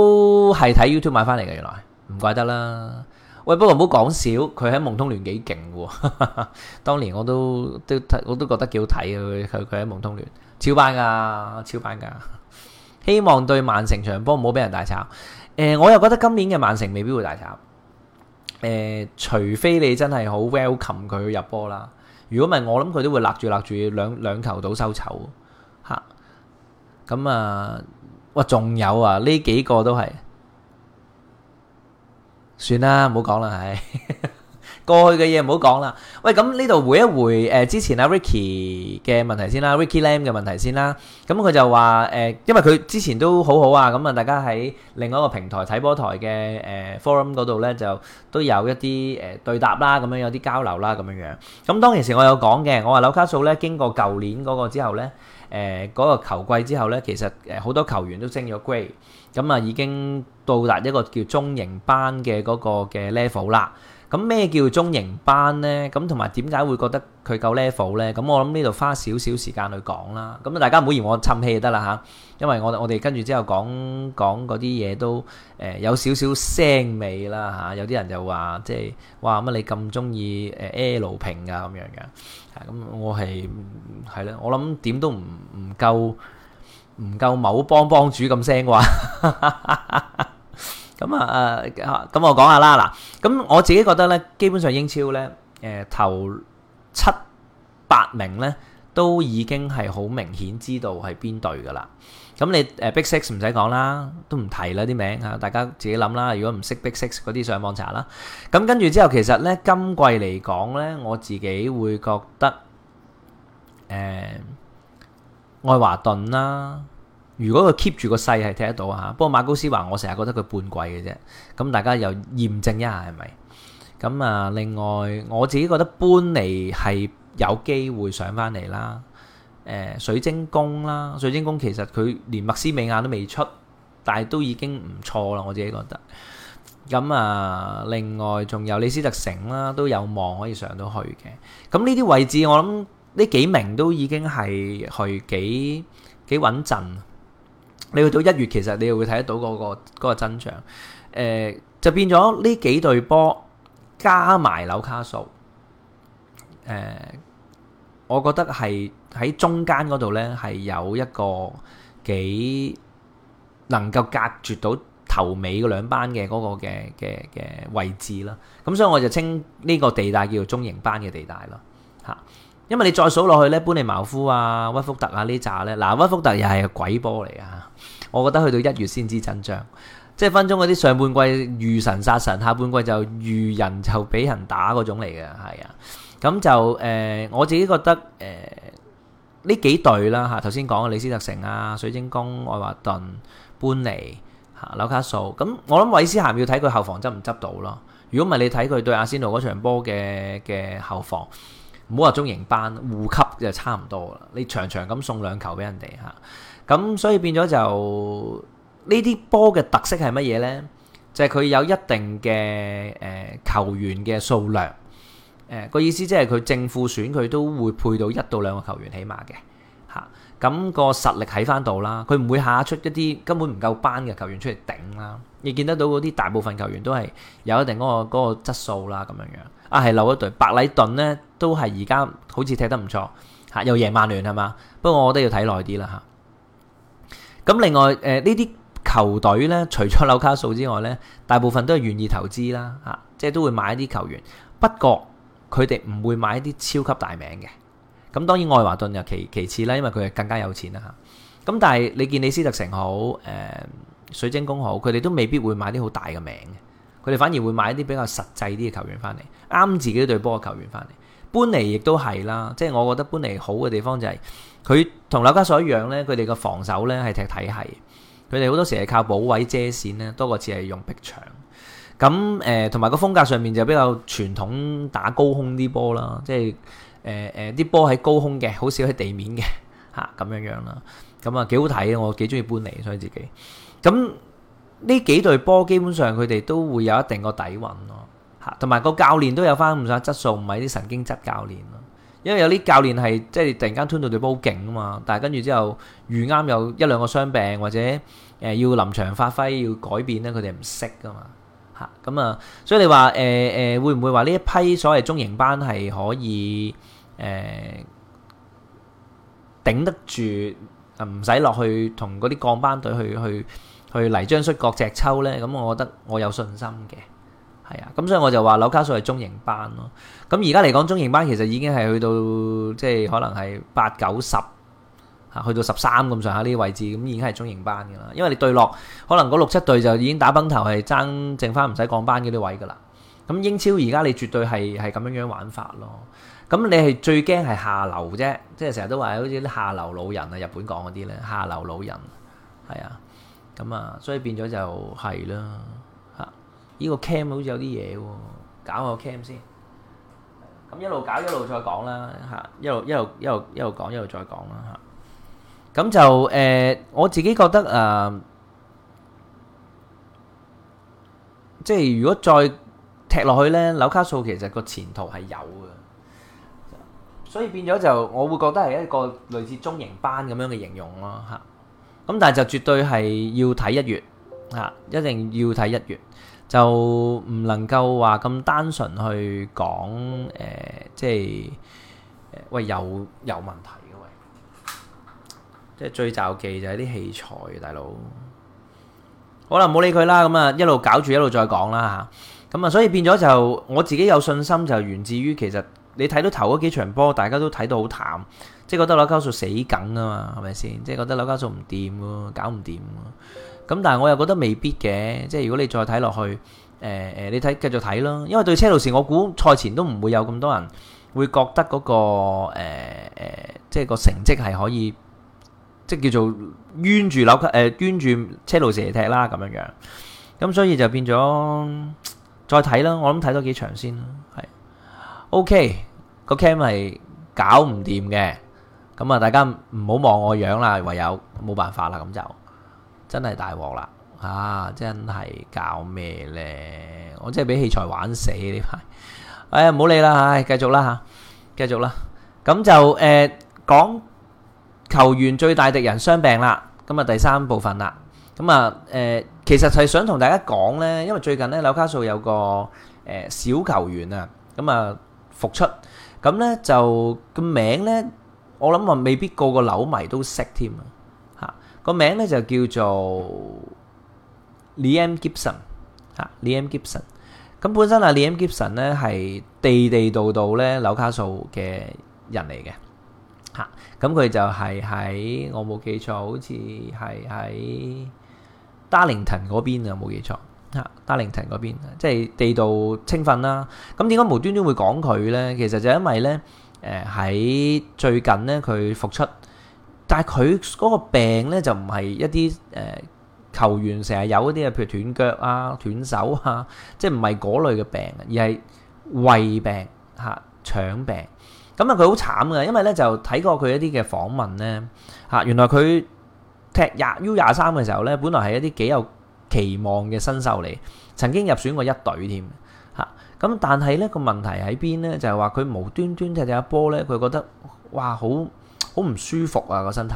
係睇 YouTube 買翻嚟嘅，原來唔怪得啦。喂，不過唔好講少，佢喺夢通聯幾勁喎。 當年我都都我都覺得幾好睇，佢佢喺夢通聯超班噶，超班噶。希望對曼城場波唔好俾人大炒。誒、呃，我又覺得今年嘅曼城未必會大炒。誒、呃，除非你真係好 welcome 佢入波啦。如果唔係，我諗佢都會勒住勒住兩兩球到收籌嚇。咁啊，啊，哇，仲有啊，呢幾個都係算啦，唔好講啦，係。 過去嘅嘢唔好講啦。喂，咁呢度回一回誒之前啊 Ricky 嘅問題先啦，Ricky Lam 嘅問題先啦。咁佢就話誒，因為佢之前都好好啊。咁啊，大家喺另外一個平台睇波台嘅誒 forum 嗰度咧，就都有一啲誒對答啦，咁樣有啲交流啦，咁樣樣。咁當其時我有講嘅，我話紐卡素咧經過舊年嗰個之後咧，誒嗰個球季之後咧，其實誒好多球員都升咗 grade，咁啊已經到達一個叫中型班嘅嗰個嘅 level 啦。咁咩叫中型班呢？咁同埋點解會覺得佢夠 level 呢？咁我諗呢度花少少時間去講啦。咁大家唔好嫌我沉氣就得啦嚇，因為我我哋跟住之後講講嗰啲嘢都誒有少少腥味啦嚇。有啲、啊、人就話即係哇乜你咁中意誒 L 屏噶咁樣嘅，咁我係係啦。我諗點都唔唔夠唔夠某幫幫主咁腥話。 咁啊誒，咁、嗯嗯嗯嗯、我講下啦嗱，咁我自己覺得咧，基本上英超咧，誒、嗯、頭七八名咧，都已經係好明顯知道係邊隊㗎喇。咁你誒、呃、Big Six 唔使講啦，都唔提啦啲名吓，大家自己諗啦。如果唔識 Big Six 嗰啲，上網查啦。咁跟住之後，其實咧今季嚟講咧，我自己會覺得誒、嗯、愛華頓啦。如果佢 keep 住個勢係踢得到嚇，啊，不過馬高斯話我成日覺得佢半季嘅啫，咁、啊、大家又驗證一下係咪？咁啊，另外我自己覺得搬嚟係有機會上翻嚟啦。誒、啊、水晶宮啦，水晶宮其實佢連麥斯美亞都未出，但係都已經唔錯啦，我自己覺得。咁啊，另外仲有李斯特城啦，啊，都有望可以上到去嘅。咁呢啲位置我諗呢幾名都已經係去幾幾穩陣，你去到一月，其實你又會睇得到嗰、嗰個嗰個增長，誒、呃、就變咗呢幾對波加埋紐卡素，誒、呃，我覺得係喺中間嗰度咧係有一個幾能夠隔絕到頭尾嘅兩班嘅嗰個嘅嘅嘅位置啦，咁所以我就稱呢個地帶叫做中型班嘅地帶啦，嚇。因為你再數落去咧，搬尼茅夫啊、屈福特啊呢扎咧，嗱屈福特又係鬼波嚟啊！我覺得去到一月先知真章，即係分鐘嗰啲上半季遇神殺神，下半季就遇人就俾人打嗰種嚟嘅，係啊。咁就誒、呃，我自己覺得誒呢、呃、幾隊啦嚇，頭先講嘅李斯特城啊、水晶宮、愛華頓、搬尼嚇、紐卡素。咁我諗韋斯咸要睇佢後防執唔執到咯。如果唔係你睇佢對阿仙奴嗰場波嘅嘅後防。唔好話中型班，護級就差唔多啦。你長長咁送兩球俾人哋嚇，咁所以變咗就呢啲波嘅特色係乜嘢咧？就係、是、佢有一定嘅誒、呃、球員嘅數量，誒、呃、個意思即係佢正副選佢都會配到一到兩個球員起碼嘅嚇，咁、啊那個實力喺返度啦，佢唔會下出一啲根本唔夠班嘅球員出嚟頂啦。你見得到嗰啲大部分球員都係有一定嗰、那個嗰個嗰、嗰個、質素啦，咁樣樣啊，係漏一隊。白禮頓咧都係而家好似踢得唔錯嚇、啊，又贏曼聯係嘛。不過我覺得要睇耐啲啦嚇。咁、啊、另外誒呢啲球隊咧，除咗紐卡素之外咧，大部分都係願意投資啦嚇、啊啊，即係都會買一啲球員。不過佢哋唔會買一啲超級大名嘅。咁當然愛華頓又其其次啦，因為佢係更加有錢啦嚇。咁、啊、但係你見李斯特城好誒？呃水晶宮好，佢哋都未必會買啲好大嘅名嘅，佢哋反而會買一啲比較實際啲嘅球員翻嚟，啱自己隊波嘅球員翻嚟。般尼亦都係啦，即係我覺得般尼好嘅地方就係佢同紐卡素一樣咧，佢哋嘅防守咧係踢體系，佢哋好多時係靠補位遮線咧，多過似係用壁牆。咁誒同埋個風格上面就比較傳統打高空啲波啦，即係誒誒啲波喺高空嘅，好少喺地面嘅嚇咁樣樣啦。咁啊幾好睇嘅，我幾中意般尼，所以自己。咁呢幾隊波基本上佢哋都會有一定個底蘊咯，嚇，同埋個教練都有翻咁上下質素，唔係啲神經質教練咯。因為有啲教練係即係突然間吞到隊波勁啊嘛，但係跟住之後遇啱有一兩個傷病或者誒、呃、要臨場發揮要改變咧，佢哋唔識噶嘛，嚇、啊。咁、嗯、啊，所以你話誒誒會唔會話呢一批所謂中型班係可以誒頂、呃、得住啊？唔使落去同嗰啲降班隊去去。去去泥漿摔角隻抽咧，咁我覺得我有信心嘅，係啊，咁所以我就話紐卡素係中型班咯。咁而家嚟講中型班其實已經係去到即係可能係八九十嚇，去到十三咁上下呢啲位置，咁已經係中型班㗎啦。因為你對落可能嗰六七隊就已經打崩頭，係爭剩翻唔使降班嗰啲位㗎啦。咁英超而家你絕對係係咁樣樣玩法咯。咁你係最驚係下流啫，即係成日都話好似啲下流老人啊，日本講嗰啲咧，下流老人係啊。咁啊，所以變咗就係啦，嚇！依個 cam 好似有啲嘢喎，搞下 cam 先。咁一路搞一路再講啦，嚇！一路一路一路一路講一路再講啦，嚇！咁就誒，我自己覺得誒，即係如果再踢落去咧，紐卡素其實個前途係有嘅。所以變咗就，我會覺得係一個類似中型班咁樣嘅形容咯，嚇。咁但係就絕對係要睇一月，吓、啊、一定要睇一月，就唔能夠話咁單純去講誒、呃，即係喂，有有問題嘅喂，即係最罩忌，忌就係啲器材大佬，好啦唔好理佢啦，咁啊一路搞住一路再講啦吓，咁啊所以變咗就我自己有信心就源自於其實你睇到頭嗰幾場波大家都睇到好淡。即係覺得紐卡素死梗啊嘛，係咪先？即係覺得紐卡素唔掂喎，搞唔掂喎。咁但係我又覺得未必嘅。即係如果你再睇落去，誒、呃、誒，你睇繼續睇咯。因為對車路士，我估賽前都唔會有咁多人會覺得嗰、那個誒、呃呃、即係個成績係可以，即係叫做鉛住紐交誒鉛住車路士嚟踢啦咁樣樣。咁所以就變咗再睇啦。我諗睇多幾場先啦。係 OK，個 cam 係搞唔掂嘅。咁啊，大家唔好望我樣啦，唯有冇辦法啦，咁就真係大鑊啦！啊，真係搞咩咧？我真係俾器材玩死呢排。哎呀，唔好理啦，唉，繼續啦嚇，繼續啦。咁就誒講球員最大敵人傷病啦。咁啊，第三部分啦。咁啊，誒其實係想同大家講咧，因為最近咧紐卡素有個誒小球員啊，咁啊復出，咁咧就個名咧。我諗啊，未必個個樓迷都識添啊！嚇，個名咧就叫做 Liam Gibson 嚇、啊、Liam Gibson。咁本身啊 Liam Gibson 咧係地地道道咧紐卡素嘅人嚟嘅嚇。咁、啊、佢就係喺我冇記錯，好似係喺 Darlington 嗰邊啊，冇記錯嚇、啊、Darlington 嗰邊，即、就、係、是、地道青訓啦。咁點解無端端會講佢咧？其實就因為咧。誒喺最近咧，佢復出，但係佢嗰個病咧就唔係一啲誒、呃、球員成日有嗰啲啊，譬如斷腳啊、斷手啊，即係唔係嗰類嘅病，而係胃病嚇、啊、腸病。咁、嗯、啊，佢好慘嘅，因為咧就睇過佢一啲嘅訪問咧嚇、啊，原來佢踢廿 U 廿三嘅時候咧，本來係一啲幾有期望嘅新秀嚟，曾經入選過一隊添。咁但係咧個問題喺邊咧？就係話佢無端端踢踢下波咧，佢覺得哇好好唔舒服啊個身體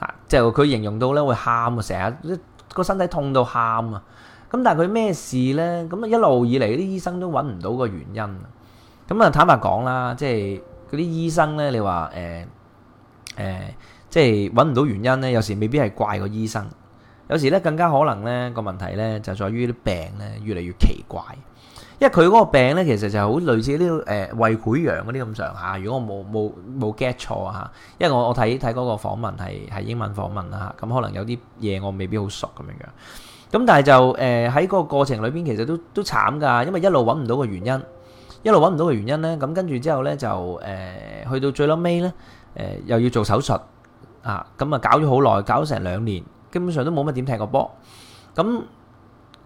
嚇，即係佢形容到咧會喊啊，成日個身體痛到喊啊。咁但係佢咩事咧？咁啊一路以嚟啲醫生都揾唔到個原因。咁啊坦白講啦，即係嗰啲醫生咧，你話誒誒，即係揾唔到原因咧，有時未必係怪個醫生，有時咧更加可能咧個問題咧就在於啲病咧越嚟越奇怪。因為佢嗰個病咧，其實就係好類似呢個誒胃潰瘍嗰啲咁上下。如果我冇冇冇 get 錯嚇，因為我我睇睇嗰個訪問係係英文訪問啦，咁可能有啲嘢我未必好熟咁樣樣。咁但係就誒喺嗰個過程裏邊，其實都都慘㗎。因為一路揾唔到個原因，一路揾唔到個原因咧，咁跟住之後咧就誒去到最撈尾咧誒又要做手術啊，咁啊搞咗好耐，搞成兩年，基本上都冇乜點踢過波咁。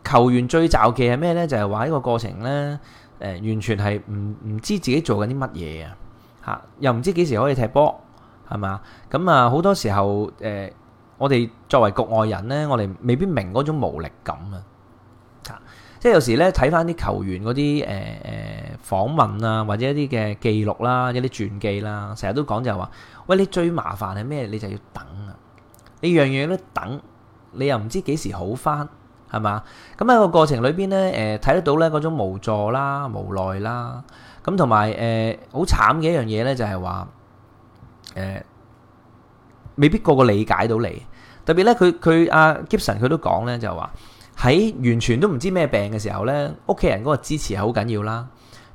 球員最忌嘅係咩咧？就係話呢個過程咧，誒、呃、完全係唔唔知自己做緊啲乜嘢啊！嚇，又唔知幾時可以踢波，係嘛？咁啊，好多時候誒、呃，我哋作為局外人咧，我哋未必明嗰種無力感啊！嚇，即係有時咧睇翻啲球員嗰啲誒誒訪問啊，或者一啲嘅記錄啦，一啲傳記啦，成、啊、日都講就係、是、話，喂，你最麻煩係咩？你就要等啊！你樣樣都等，你又唔知幾時好翻。係嘛？咁喺個過程裏邊咧，誒、呃、睇得到咧嗰種無助啦、無奈啦，咁同埋誒好慘嘅一樣嘢咧，就係話誒未必個個理解到你。特別咧，佢佢阿 Gibson 佢都講咧，就係話喺完全都唔知咩病嘅時候咧，屋企人嗰個支持係好緊要啦，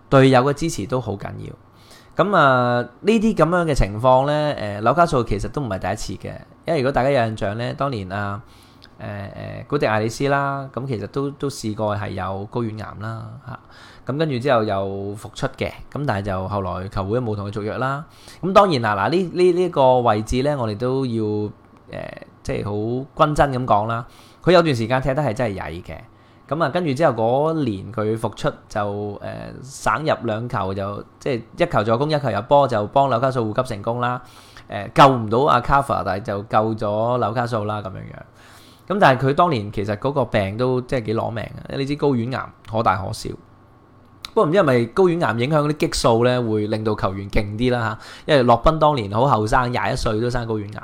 隊友嘅支持都好緊要。咁啊，呢啲咁樣嘅情況咧，誒紐卡素其實都唔係第一次嘅，因為如果大家有印象咧，當年啊。誒誒，古迪艾里斯啦，咁其實都都試過係有睾丸癌啦嚇，咁跟住之後又復出嘅，咁但係就後來球會冇同佢續約啦。咁當然啦，嗱呢呢呢個位置咧，我哋都要誒，即係好均真咁講啦。佢有段時間踢得係真係曳嘅，咁啊跟住之後嗰年佢復出就誒省入兩球，就即係一球助攻一球入波，就幫紐卡素護級成功啦。誒救唔到阿卡法，但係就救咗紐卡素啦咁樣樣。咁、嗯、但係佢當年其實嗰個病都即係幾攞命嘅，呢支高丸癌可大可小。不過唔知係咪高丸癌影響嗰啲激素咧，會令到球員勁啲啦嚇。因為洛賓當年好後生，廿一歲都生高丸癌。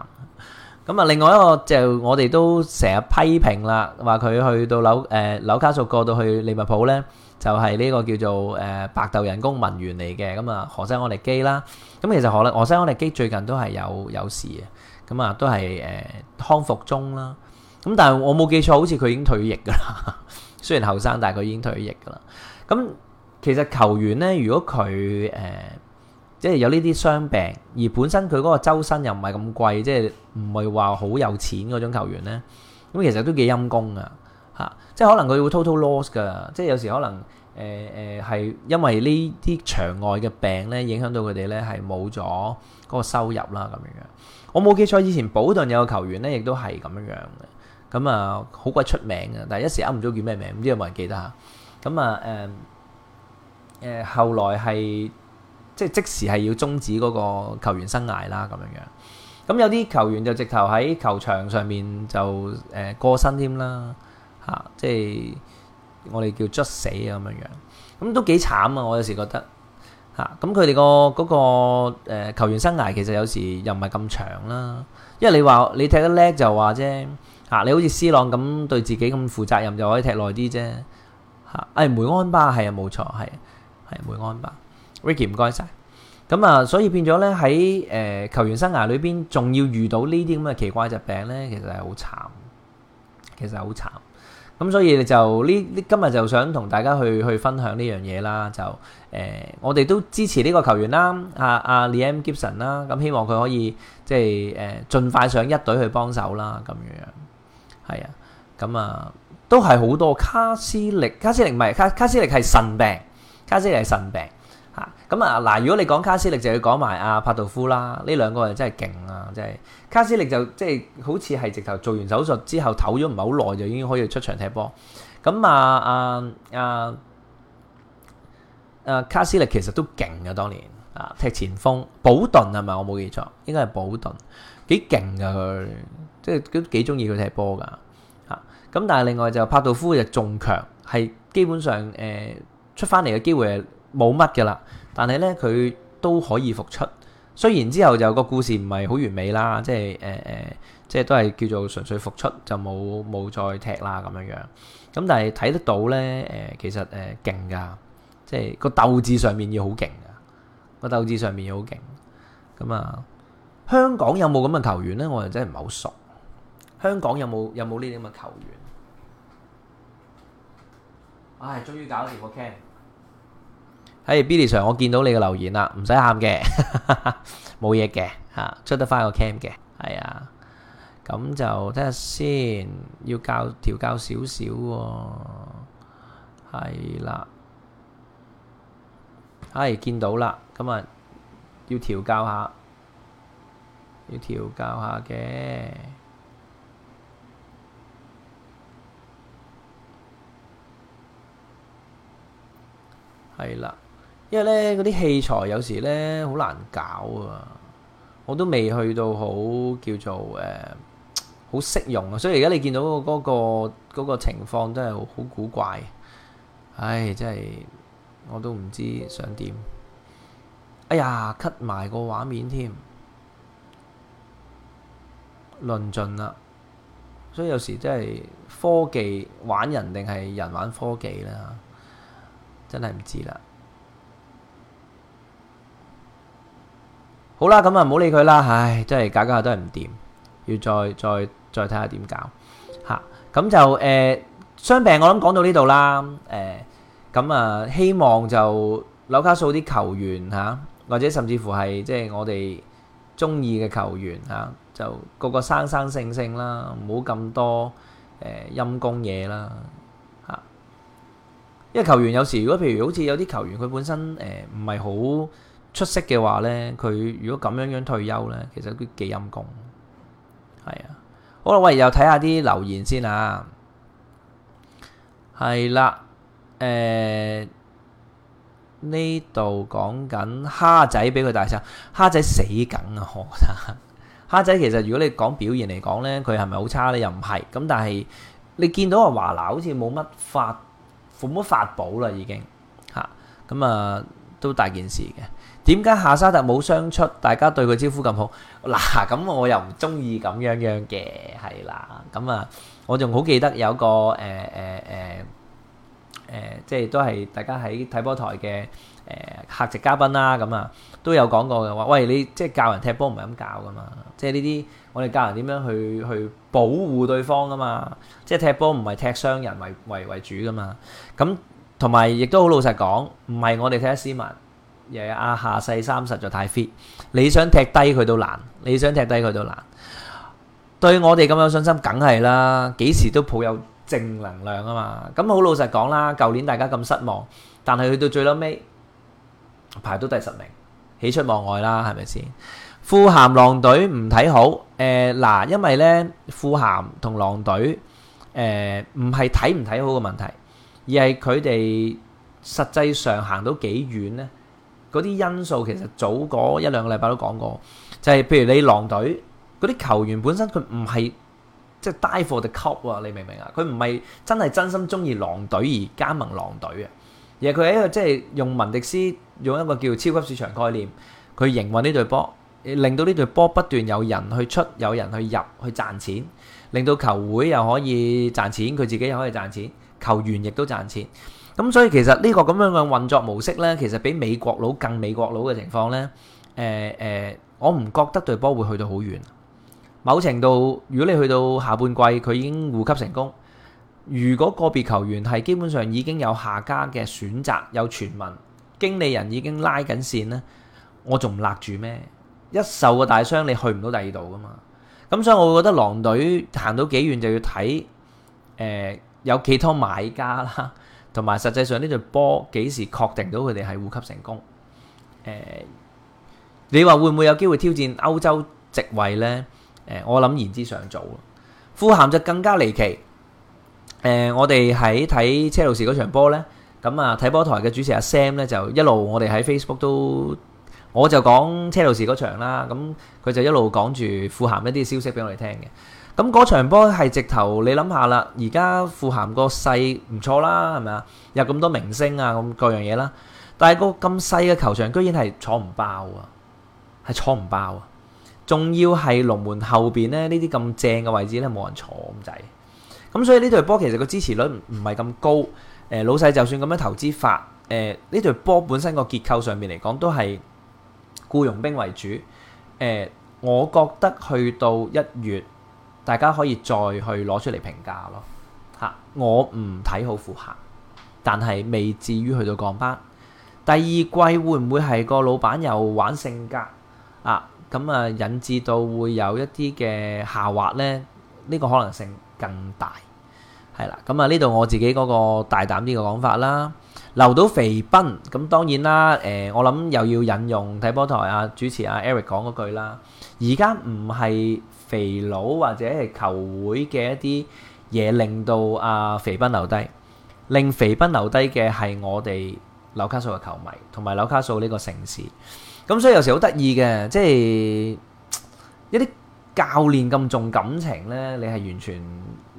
咁、嗯、啊，另外一個就我哋都成日批評啦，話佢去到紐誒紐卡素過到去利物浦咧，就係、是、呢個叫做誒、呃、白豆人工文員嚟嘅。咁、嗯、啊，何西安利基啦，咁、嗯、其實何何西安利基最近都係有有事嘅，咁、嗯、啊都係誒、呃、康復中啦。咁但係我冇記錯，好似佢已經退役㗎啦。 雖然後生，但係佢已經退役㗎啦。咁其實球員咧，如果佢誒、呃、即係有呢啲傷病，而本身佢嗰個周薪又唔係咁貴，即係唔係話好有錢嗰種球員咧，咁其實都幾陰功㗎吓。即係可能佢會 total loss 㗎。即係有時可能誒誒係因為呢啲場外嘅病咧，影響到佢哋咧係冇咗嗰個收入啦咁樣樣。我冇記錯，以前保頓有個球員咧，亦都係咁樣樣嘅。咁啊，好鬼出名啊。但係一時啱唔到叫咩名，唔知有冇人記得嚇。咁、嗯、啊，誒、嗯、誒、嗯嗯，後來係、即係、即係即時係要終止嗰個球員生涯啦，咁樣樣。咁、嗯、有啲球員就直頭喺球場上面就誒、嗯、過身添啦，嚇、啊，即係我哋叫猝死啊，咁樣樣。咁都幾慘啊！我有時覺得嚇，咁佢哋個嗰、嗰個、呃、球員生涯其實有時又唔係咁長啦，因為你話你踢得叻就話啫。啊！你好似斯朗咁對自己咁負責任就可以踢耐啲啫。嚇、哎！誒梅安巴係啊，冇錯，係係、啊、梅安巴。Ricky 唔該晒。咁啊，所以變咗咧喺誒球員生涯裏邊，仲要遇到呢啲咁嘅奇怪疾病咧，其實係好慘，其實好慘。咁所以就呢，今日就想同大家去去分享呢樣嘢啦。就誒、呃，我哋都支持呢個球員啦。阿、啊、阿、啊、Liam Gibson 啦，咁、啊、希望佢可以即係誒盡快上一隊去幫手啦。咁樣。係啊，咁、嗯、啊都係好多卡斯力，卡斯力唔係卡卡斯力係腎病，卡斯力係腎病吓。咁啊嗱、嗯啊，如果你講卡斯力，就要講埋阿帕杜夫啦。呢兩個係真係勁啊，真係卡斯力就即係、即係、好似係直頭做完手術之後唞咗唔係好耐就已經可以出場踢波。咁、嗯、啊啊啊啊，啊，啊卡斯力其實都勁啊。當年啊踢前鋒，保頓係咪？我冇記錯，應該係保頓，幾勁噶佢。即係都幾中意佢踢波㗎吓，咁、啊、但係另外就帕杜夫就仲強，係基本上誒、呃、出翻嚟嘅機會係冇乜㗎啦。但係咧佢都可以復出，雖然之後就個故事唔係好完美啦，即係誒誒，即係都係叫做純粹復出就冇冇再踢啦咁樣樣。咁、啊、但係睇得到咧誒、呃，其實誒勁㗎，即係個鬥志上面要好勁㗎，個鬥志上面要好勁。咁啊，香港有冇咁嘅球員咧？我又真係唔係好熟。香港有冇有冇呢啲咁嘅球員？唉，終於搞掂個 cam。係 Billy sir，我見到你嘅留言啦，唔使喊嘅，冇嘢嘅嚇，出得翻個 cam 嘅係啊。咁就睇下先，要校調校少少喎。係啦，唉，見到啦，咁啊要調校下，要調校下嘅。係啦，因為咧嗰啲器材有時咧好難搞啊，我都未去到好叫做誒好適用啊，所以而家你見到嗰、嗰、嗰個、嗰個嗰個情況真係好古怪，唉，真係我都唔知想點，哎呀，cut 埋個畫面添，論盡啦，所以有時真係科技玩人定係人玩科技啦。真係唔知啦。好啦，咁啊唔好理佢啦。唉，真係搞搞下都係唔掂，要再再再睇下點搞。吓咁就誒，傷病我諗講到呢度啦。誒，咁啊希望就紐卡素啲球員吓，或者甚至乎係即係我哋中意嘅球員吓，就個個生生性性啦，唔好咁多誒陰功嘢啦。因為球員有時如果譬如好似有啲球員佢本身誒唔係好出色嘅話咧，佢如果咁樣樣退休咧，其實都幾陰功。係啊。好啦，喂，又睇下啲留言先啊。係啦，誒呢度講緊蝦仔，俾佢大聲。蝦仔死梗啊！我覺得蝦仔其實如果你講表現嚟講咧，佢係咪好差咧？又唔係。咁但係你見到阿華拿好似冇乜發。冇乜法寶啦，已經嚇咁啊，都大件事嘅。點解夏沙特冇相出？大家對佢招呼咁好嗱，咁我又唔中意咁樣樣嘅，係啦。咁啊，我仲好記得有個誒誒誒誒，即係都係大家喺睇波台嘅誒客席嘉賓啦。咁啊，都有講過嘅話，喂，你即係教人踢波唔係咁教噶嘛？即係呢啲。我哋教人點樣去去保護對方啊嘛，即係踢波唔係踢傷人為為為主噶嘛。咁同埋亦都好老實講，唔係我哋踢得斯文，又有阿夏世三實在太 fit，你想踢低佢都難，你想踢低佢都難。對我哋咁有信心，梗係啦，幾時都抱有正能量啊嘛。咁好老實講啦，舊年大家咁失望，但係去到最撈尾排到第十名，喜出望外啦，係咪先？富咸狼隊唔睇好，誒、呃、嗱，因為咧富咸同狼隊誒唔係睇唔睇好嘅問題，而係佢哋實際上行到幾遠咧？嗰啲因素其實早嗰一兩個禮拜都講過，就係、是、譬如你狼隊嗰啲球員本身佢唔係即係 die for the club 啊，你明唔明啊？佢唔係真係真心中意狼隊而加盟狼隊啊，而係佢係一個即係用文迪斯用一個叫超級市場概念，佢營運呢隊波。令到呢隊波不斷有人去出，有人去入去賺錢，令到球會又可以賺錢，佢自己又可以賺錢，球員亦都賺錢。咁所以其實呢個咁樣嘅運作模式呢，其實比美國佬更美國佬嘅情況呢，誒、欸、誒、欸，我唔覺得隊波會去到好遠。某程度，如果你去到下半季，佢已經護級成功，如果個別球員係基本上已經有下家嘅選擇，有傳聞，經理人已經拉緊線呢，我仲唔勒住咩？一受個大傷，你去唔到第二度㗎嘛？咁所以，我會覺得狼隊行到幾遠就要睇，誒、呃、有幾多買家啦，同埋實際上呢隻波幾時確定到佢哋係護級成功？誒、呃，你話會唔會有機會挑戰歐洲席位呢？誒、呃，我諗言之尚早。富咸就更加離奇。誒、呃，我哋喺睇車路士嗰場波呢，咁啊，睇波台嘅主持阿 Sam 呢，就一路我哋喺 Facebook 都。我就講車路士嗰場啦，咁佢就一路講住富咸一啲消息俾我哋聽嘅。咁嗰場波係直頭，你諗下啦，而家富咸個勢唔錯啦，係咪啊？有咁多明星啊，咁各樣嘢啦、啊。但係個咁細嘅球場居然係坐唔爆啊，係坐唔爆啊！仲要係龍門後邊咧，呢啲咁正嘅位置咧冇人坐咁滯。咁所以呢隊波其實個支持率唔係咁高。誒、呃、老細就算咁樣投資法，誒呢隊波本身個結構上面嚟講都係。僱傭兵為主，誒、呃，我覺得去到一月，大家可以再去攞出嚟評價咯，嚇、啊，我唔睇好符合，但係未至於去到降班。第二季會唔會係個老闆又玩性格啊？咁、嗯、啊引致到會有一啲嘅下滑呢？呢、這個可能性更大，係、嗯、啦。咁啊呢度我自己嗰個大膽啲嘅講法啦。留到肥斌，咁當然啦。誒，我諗又要引用睇波台啊主持啊 Eric 講嗰句啦。而家唔係肥佬或者係球會嘅一啲嘢令到阿肥斌留低，令肥斌留低嘅係我哋紐卡素嘅球迷同埋紐卡素呢個城市。咁所以有時好得意嘅，即係一啲教練咁重感情呢，你係完全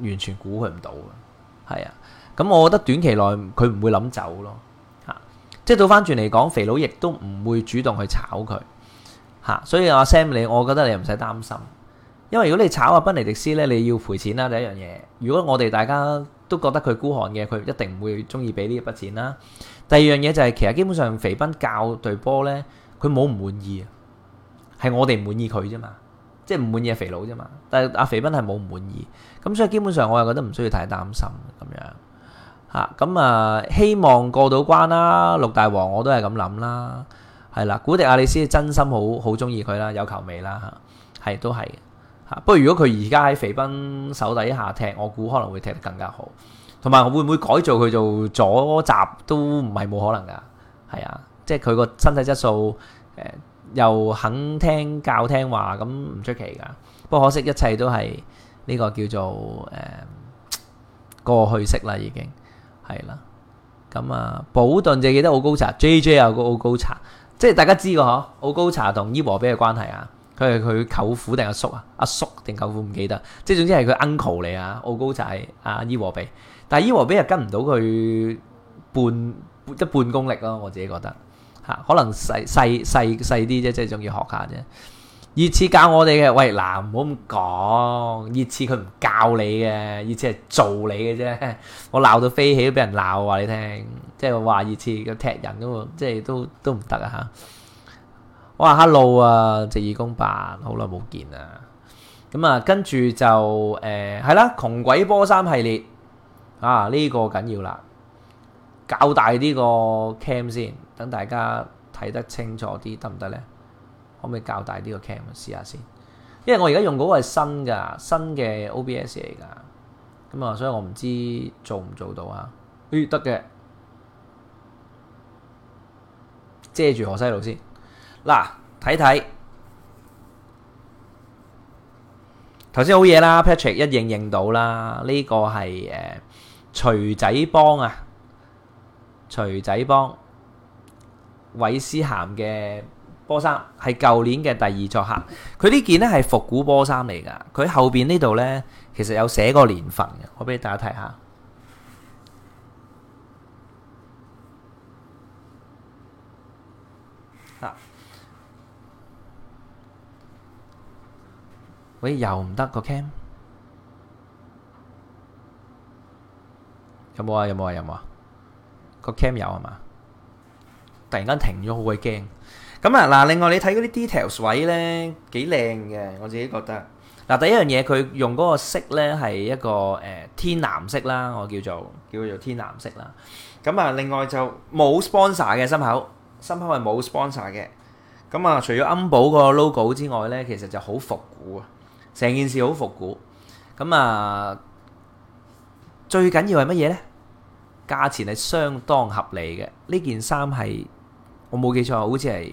完全估佢唔到嘅，係啊。咁我覺得短期內佢唔會諗走咯，嚇、就是！即係倒翻轉嚟講，肥佬亦都唔會主動去炒佢，嚇、啊！所以阿 Sam 你，我覺得你唔使擔心，因為如果你炒阿賓尼迪斯咧，你要賠錢啦第一樣嘢。如果我哋大家都覺得佢孤寒嘅，佢一定唔會中意俾呢筆錢啦。第二樣嘢就係、是、其實基本上肥斌教對波咧，佢冇唔滿意，係我哋唔滿意佢啫嘛，即係唔滿意肥佬啫嘛。但係阿肥斌係冇唔滿意，咁所以基本上我又覺得唔需要太擔心咁樣。啊，咁啊，希望過到關啦！六大王我都係咁諗啦，係啦，古迪亞里斯真心好好中意佢啦，有球味啦，係、啊、都係嚇、啊。不過如果佢而家喺肥賓手底下踢，我估可能會踢得更加好。同埋會唔會改造佢做左閘都唔係冇可能噶，係啊，即係佢個身體質素、呃，又肯聽教聽話，咁唔出奇噶。不過可惜一切都係呢個叫做誒、呃、過去式啦，已經。係啦，咁啊，保頓就記得奧高查 JJ 有個奧高查，即係大家知個嗬，奧高查同伊和比嘅關係啊，佢係佢舅父定阿叔啊，阿叔定舅父唔記得，即係總之係佢 uncle 嚟啊，奧高查係阿、啊、伊和比，但係伊和比又跟唔到佢半一半功力咯，我自己覺得吓，可能細細細細啲啫，即係仲要學下啫。熱刺教我哋嘅，喂嗱，唔好咁講，熱刺佢唔教你嘅，熱刺係做你嘅啫。我鬧到飛起都俾人鬧話你聽，即係話熱刺嘅踢人咁啊，即係都都唔得啊嚇。我話 Hello 啊，直二公辦，好耐冇見啊。咁啊，跟住就誒，係啦，窮鬼波衫系列啊，呢個緊要啦，較大呢個 cam 先，等大家睇得清楚啲，得唔得咧？可唔可以教大啲個 cam 啊？試，試下先，因為我而家用嗰個係新嘅，新嘅 OBS 嚟㗎。咁啊，所以我唔知做唔做到啊？咦、哎，得嘅，遮住河西路先。嗱，睇睇，頭先好嘢啦，Patrick 一認認到啦，呢、這個係誒、呃、鎚仔幫啊，鎚仔幫，韋斯咸嘅。波衫係舊年嘅第二作客，佢呢件呢係復古波衫嚟噶，佢後邊呢度呢，其實有寫個年份嘅，我俾大家睇下。啊，喂，又唔得個 cam？有冇啊？有冇啊？有冇啊？個 cam 有係嘛？突然間停咗，好鬼驚。咁啊，嗱，另外你睇嗰啲 details 位咧，幾靚嘅，我自己覺得。嗱，第一樣嘢佢用嗰個色咧係一個誒、呃、天藍色啦，我叫做叫做天藍色啦。咁啊，另外就冇 sponsor 嘅心口，心口係冇 sponsor 嘅。咁啊，除咗 Umbro 個 logo 之外咧，其實就好復古啊，成件事好復古。咁啊，最緊要係乜嘢咧？價錢係相當合理嘅，呢件衫係。我冇記錯，好似係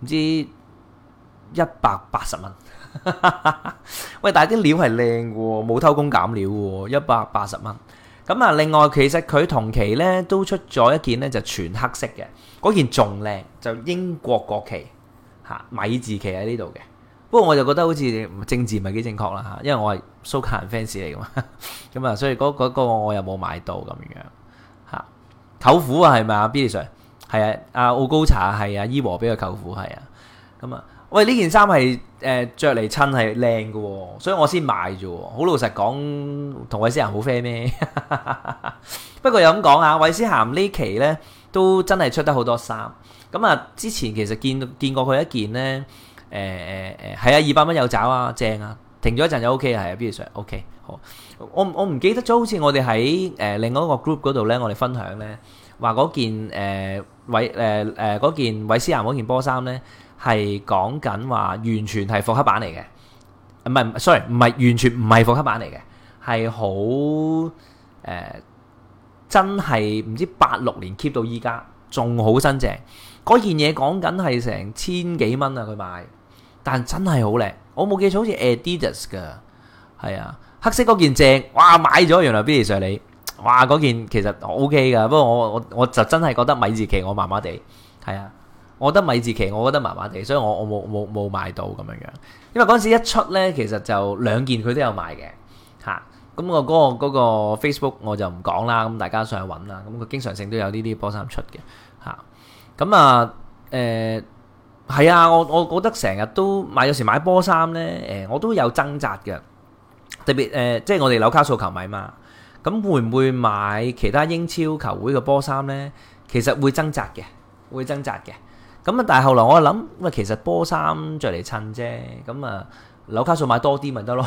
唔知一百八十蚊。 喂，但係啲料係靚喎，冇偷工減料喎，一百八十蚊。咁啊，另外其實佢同期呢都出咗一件呢，就全黑色嘅，嗰件仲靚，就英國國旗嚇米字旗喺呢度嘅。不過我就覺得好似政治唔係幾正確啦嚇，因為我係蘇格蘭 fans 嚟嘅嘛，咁啊，所以嗰、嗰個嗰個我又冇買到咁樣嚇。舅父啊，係咪啊 Billy Sir？係啊，阿奧高茶係啊，伊和俾個舅父係啊，咁啊，喂呢件衫係誒着嚟襯係靚嘅，所以我先買啫，好老實講，同韋斯咸好 friend 咩？ 不過又咁講啊，韋斯咸呢期咧都真係出得好多衫，咁、嗯、啊之前其實見見過佢一件咧，誒誒誒，係啊二百蚊有找啊，正啊，停咗一陣就 OK 啊，係啊，不如上 OK，好，我我唔記得咗，好似我哋喺誒另外一個 group 嗰度咧，我哋分享咧。話嗰件誒韋誒誒嗰件韋斯藍嗰件波衫咧，係講緊話完全係復刻版嚟嘅，唔係 sorry 唔係完全唔係復刻版嚟嘅，係好誒真係唔知八六年 keep 到依家仲好新淨，嗰件嘢講緊係成千幾蚊啊佢買，但真係好靚，我冇記錯好似 Adidas 㗎，係啊黑色嗰件正，哇買咗原來 B Sir 你。哇！嗰件其實 OK 噶，不過我我我就真係覺得米字旗我麻麻地，係啊，我覺得米字旗我覺得麻麻地，所以我我冇冇冇買到咁樣樣。因為嗰陣時一出咧，其實就兩件佢都有賣嘅嚇。咁我嗰個、嗰個嗰個、Facebook 我就唔講啦，咁大家上去揾啦。咁、那、佢、個、經常性都有呢啲波衫出嘅嚇。咁啊誒係啊，呃、我我覺得成日都買，有時買波衫咧誒，我都有掙扎嘅。特別誒，即、呃、係、即係、我哋紐卡素球迷嘛。咁會唔會買其他英超球會嘅波衫呢？其實會掙扎嘅，會掙扎嘅。咁啊，但係後來我諗，喂，其實波衫着嚟襯啫。咁啊，紐卡素買多啲咪得咯？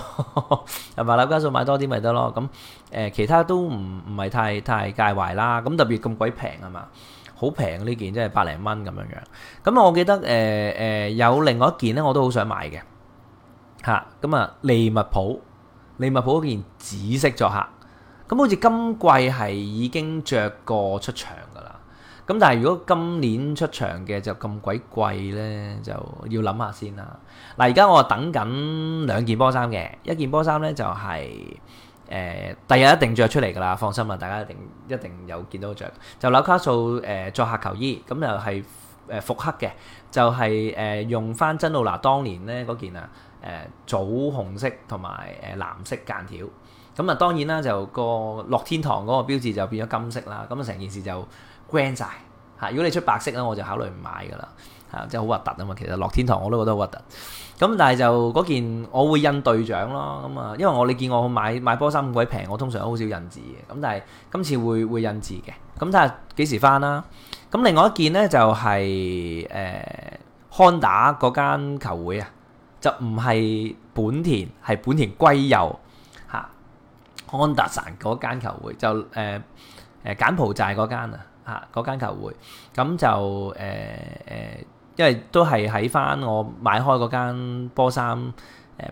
係咪紐卡素買多啲咪得咯？咁誒，其他都唔唔係太太介懷啦。咁特別咁鬼平啊嘛，好平呢件真係百零蚊咁樣樣。咁啊，我記得誒誒、呃呃、有另外一件咧，我都好想買嘅吓，咁啊，利物浦利物浦件紫色作客。咁、嗯、好似今季係已經着過出場嘅啦，咁但係如果今年出場嘅就咁鬼貴咧，就要諗下先啦。嗱，而家我等緊兩件波衫嘅，一件波衫咧就係誒第二日一定着出嚟噶啦，放心啦，大家一定一定有見到着。就紐卡素誒作客球衣，咁、嗯、又係誒復刻嘅，就係、是、誒、呃、用翻真露娜當年咧嗰件啊誒棗紅色同埋誒藍色間條。咁啊，當然啦，就個樂天堂嗰個標誌就變咗金色啦。咁啊，成件事就 grand 曬嚇。如果你出白色咧，我就考慮唔買噶啦。嚇，即係好核突啊嘛。其實樂天堂我都覺得好核突。咁但係就嗰件我會印隊長咯。咁啊，因為我你見我買買波衫咁鬼平，我通常都好少印字嘅。咁但係今次會會印字嘅。咁睇下幾時翻啦。咁另外一件呢，就係誒康打嗰間球會啊，就唔係本田，係本田圭佑。安達臣嗰間球會就誒誒、呃、柬埔寨嗰間啊，嚇嗰間球會，咁就誒誒、呃，因為都係喺翻我買開嗰間波衫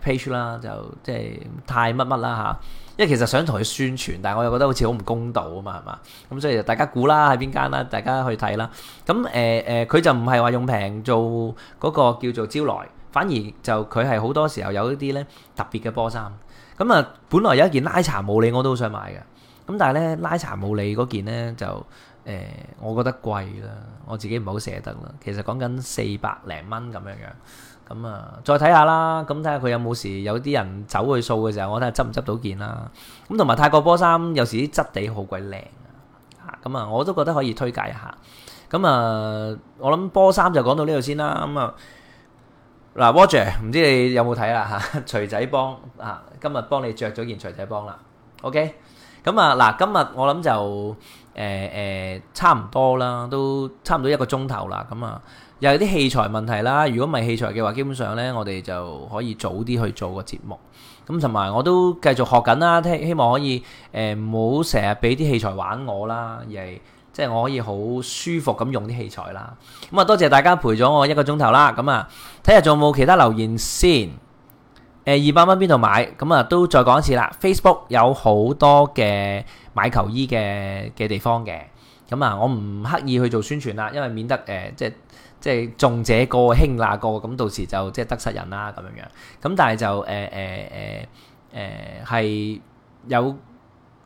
誒 page 啦，就即係太乜乜啦，嚇，因為其實想同佢宣傳，但係我又覺得好似好唔公道啊嘛，係嘛？咁所以大家估啦，喺邊間啦，大家去睇啦。咁誒誒，佢、呃啊、就唔係話用平做嗰個叫做招來，反而就佢係好多時候有一啲咧特別嘅波衫。咁啊，本來有一件拉茶冇理我都好想買嘅，咁但係咧拉茶冇理嗰件咧就誒、欸，我覺得貴啦，我自己唔係好捨得啦。其實講緊四百零蚊咁樣樣，咁、嗯、啊再睇下啦，咁睇下佢有冇時有啲人走去掃嘅時候，我睇下執唔執到件啦。咁同埋泰國波衫有時啲質地好鬼靚啊，咁、嗯、啊我都覺得可以推介一下。咁、嗯、啊，我諗波衫就講到呢度先啦，咁、嗯、啊。嗱，Roger，唔知你有冇睇啦嚇，錘、啊、仔幫啊，今日幫你着咗件錘仔幫啦，OK，咁啊，嗱、啊，今日我諗就誒誒、呃呃、差唔多啦，都差唔多一個鐘頭啦，咁啊，又有啲器材問題啦，如果唔係器材嘅話，基本上咧我哋就可以早啲去做個節目，咁同埋我都繼續學緊啦，希望可以唔好成日俾啲器材玩我啦，而係。即係我可以好舒服咁用啲器材啦。咁啊，多謝大家陪咗我一個鐘頭啦。咁啊，睇下仲有冇其他留言先。誒，二百蚊邊度買？咁啊，都再講一次啦。Facebook 有好多嘅買球衣嘅嘅地方嘅。咁啊，我唔刻意去做宣傳啦，因為免得誒，即係即係重呢個輕嗰個，咁到時就即係得失人啦咁樣樣。咁但係就誒誒誒誒係有。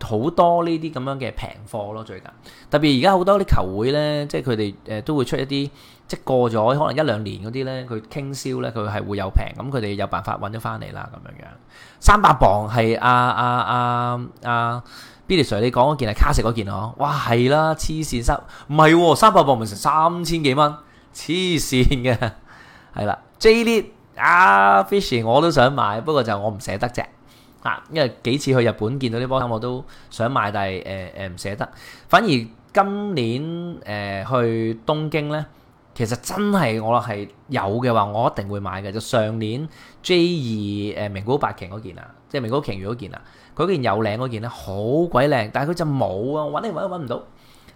好多呢啲咁樣嘅平貨咯，最近特別而家好多啲球會咧，即係佢哋誒都會出一啲即係過咗可能一兩年嗰啲咧，佢傾銷咧，佢係會有平，咁佢哋有辦法揾咗翻嚟啦咁樣樣。三百磅係啊啊啊啊，Billy Sir 你講嗰件係卡石嗰件啊？哇，係啦，黐線塞，唔係喎，三百磅咪成三千幾蚊，黐線嘅係啦。Jade 阿 Fish 我都想買，不過就我唔捨得啫。嚇、啊，因為幾次去日本見到啲波衫我都想買，但係誒誒唔捨得。反而今年誒、呃、去東京咧，其實真係我係有嘅話，我一定會買嘅。就上年 J 二誒名古屋八鯨嗰件啊，即係名古屋鯨魚嗰件啊，佢件有領嗰件咧，好鬼靚，但係佢就冇啊，揾嚟揾都揾唔到。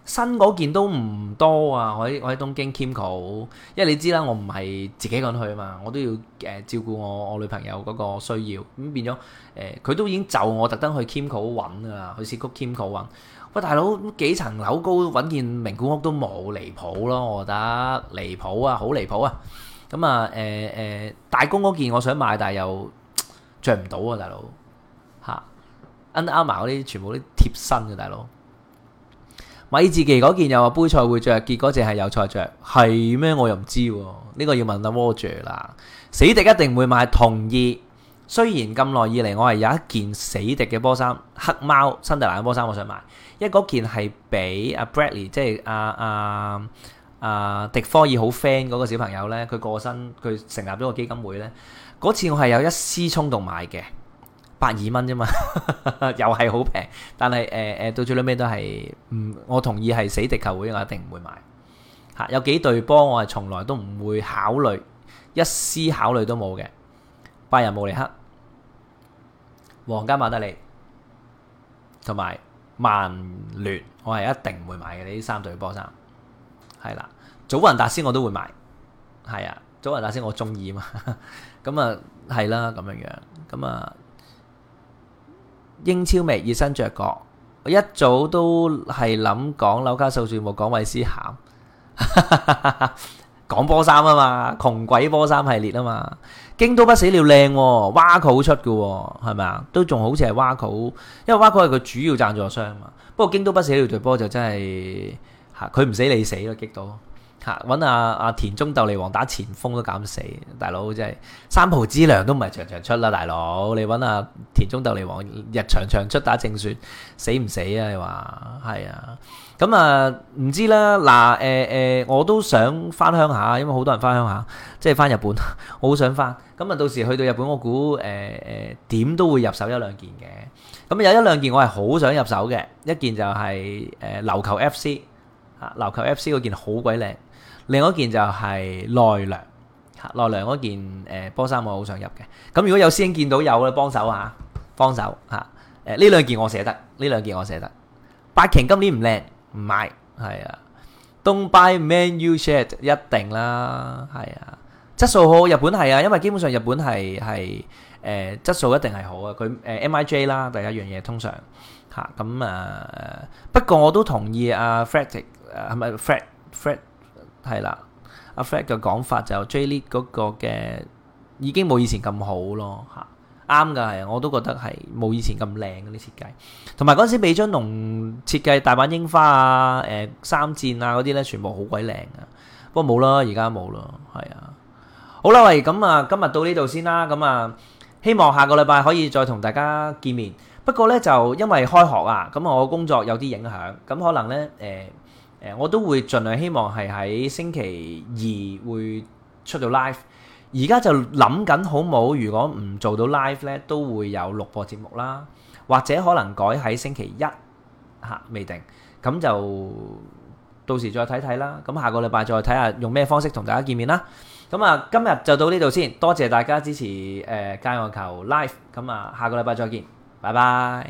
新嗰件都唔多啊！我喺我喺東京 c a m c o 因為你知啦，我唔係自己一個人去啊嘛，我都要誒、呃、照顧我我女朋友嗰個需要，咁變咗誒佢都已經就我特登去 c a m c o 揾啊，去史酷 c a m c o 揾。喂，大佬幾層樓高揾件名古屋都冇離譜咯，我覺得離譜啊，好離譜啊！咁啊誒誒、呃呃、大公嗰件我想買，但係又着唔到啊，大佬嚇 Under Armour 嗰啲全部都貼身嘅，大佬。米字旗嗰件又話杯賽會着，結果淨係有賽着。係咩？我又唔知喎、啊，呢、呢個要問阿 Roger 啦。死敵一定會買，同意，雖然咁耐以嚟我係有一件死敵嘅波衫，黑貓新特蘭嘅波衫，我想買。因為嗰件係俾阿 Bradley，即係阿、啊、阿阿、啊啊、迪科爾好 friend 嗰個小朋友呢，佢過身，佢成立咗個基金會呢，嗰次我係有一絲衝動買嘅。百二蚊啫嘛， 又係好平。但係誒誒，到最尾都係，唔，我同意係死敵球會，我一定唔會買。吓，有幾隊波我係從來都唔會考慮，一絲考慮都冇嘅。拜仁慕尼黑、皇家馬德里同埋曼聯，我係一定唔會買嘅。呢三隊波衫係啦，祖雲達斯我都會買。係啊，祖雲達斯我中意嘛。咁 啊，係啦，咁樣樣，咁啊。英超未熱身著國，我一早都係諗講紐卡素，説冇講韋斯咸，講波衫啊嘛，窮鬼波衫系列啊嘛，京都不死鳥靚，啊，挖球出嘅係咪啊？都仲好似係挖球，因為挖球係佢主要贊助商啊嘛。不過京都不死鳥隊波就真係嚇，佢唔死你死咯，激到。揾阿阿田中鬥利王打前鋒都咁死，大佬真係三浦知良都唔係場場出啦，大佬你揾阿田中鬥利王日場場出打正選，死唔死啊？你話係啊？咁啊唔知啦。嗱誒誒，我都想翻鄉下，因為好多人翻鄉下，即係翻日本，呵呵我好想翻。咁啊到時去到日本，我估誒誒點都會入手一兩件嘅。咁、嗯、有一兩件我係好想入手嘅，一件就係誒琉球 F C 啊，琉球 F C 嗰件好鬼靚。另外一件就係奈良，奈良嗰件誒波衫我好想入嘅。咁如果有師兄見到有咧，幫手嚇，幫手嚇。誒呢兩件我捨得，呢兩件我捨得。百鰭今年唔靚，唔買，係啊。Don't buyman u shirt，一定啦，係啊。質素好，日本係啊，因為基本上日本係係誒質素一定係好啊。佢誒 m i j 啦，第一樣嘢通常嚇咁啊。不過我都同意阿 fred，係咪 fred？係啦，阿 Fred 嘅講法就 J-League 嗰個嘅已經冇以前咁好咯，嚇，啱㗎，係，我都覺得係冇以前咁靚嗰啲設計。同埋嗰陣時美津濃設計大阪櫻花啊、誒、呃、三箭啊嗰啲咧，全部好鬼靚啊。不過冇啦，而家冇啦，係啊。好啦，喂，咁啊，今日到呢度先啦，咁啊，希望下個禮拜可以再同大家見面。不過咧，就因為開學啊，咁我工作有啲影響，咁可能咧誒。呃誒，我都會盡量希望係喺星期二會出到 live，而家就諗緊好冇，如果唔做到 live 咧，都會有錄播節目啦，或者可能改喺星期一嚇、啊、未定，咁就到時再睇睇啦。咁下個禮拜再睇下用咩方式同大家見面啦。咁啊，今日就到呢度先，多謝大家支持誒、呃、界外球 live。咁啊，下個禮拜再見，拜拜。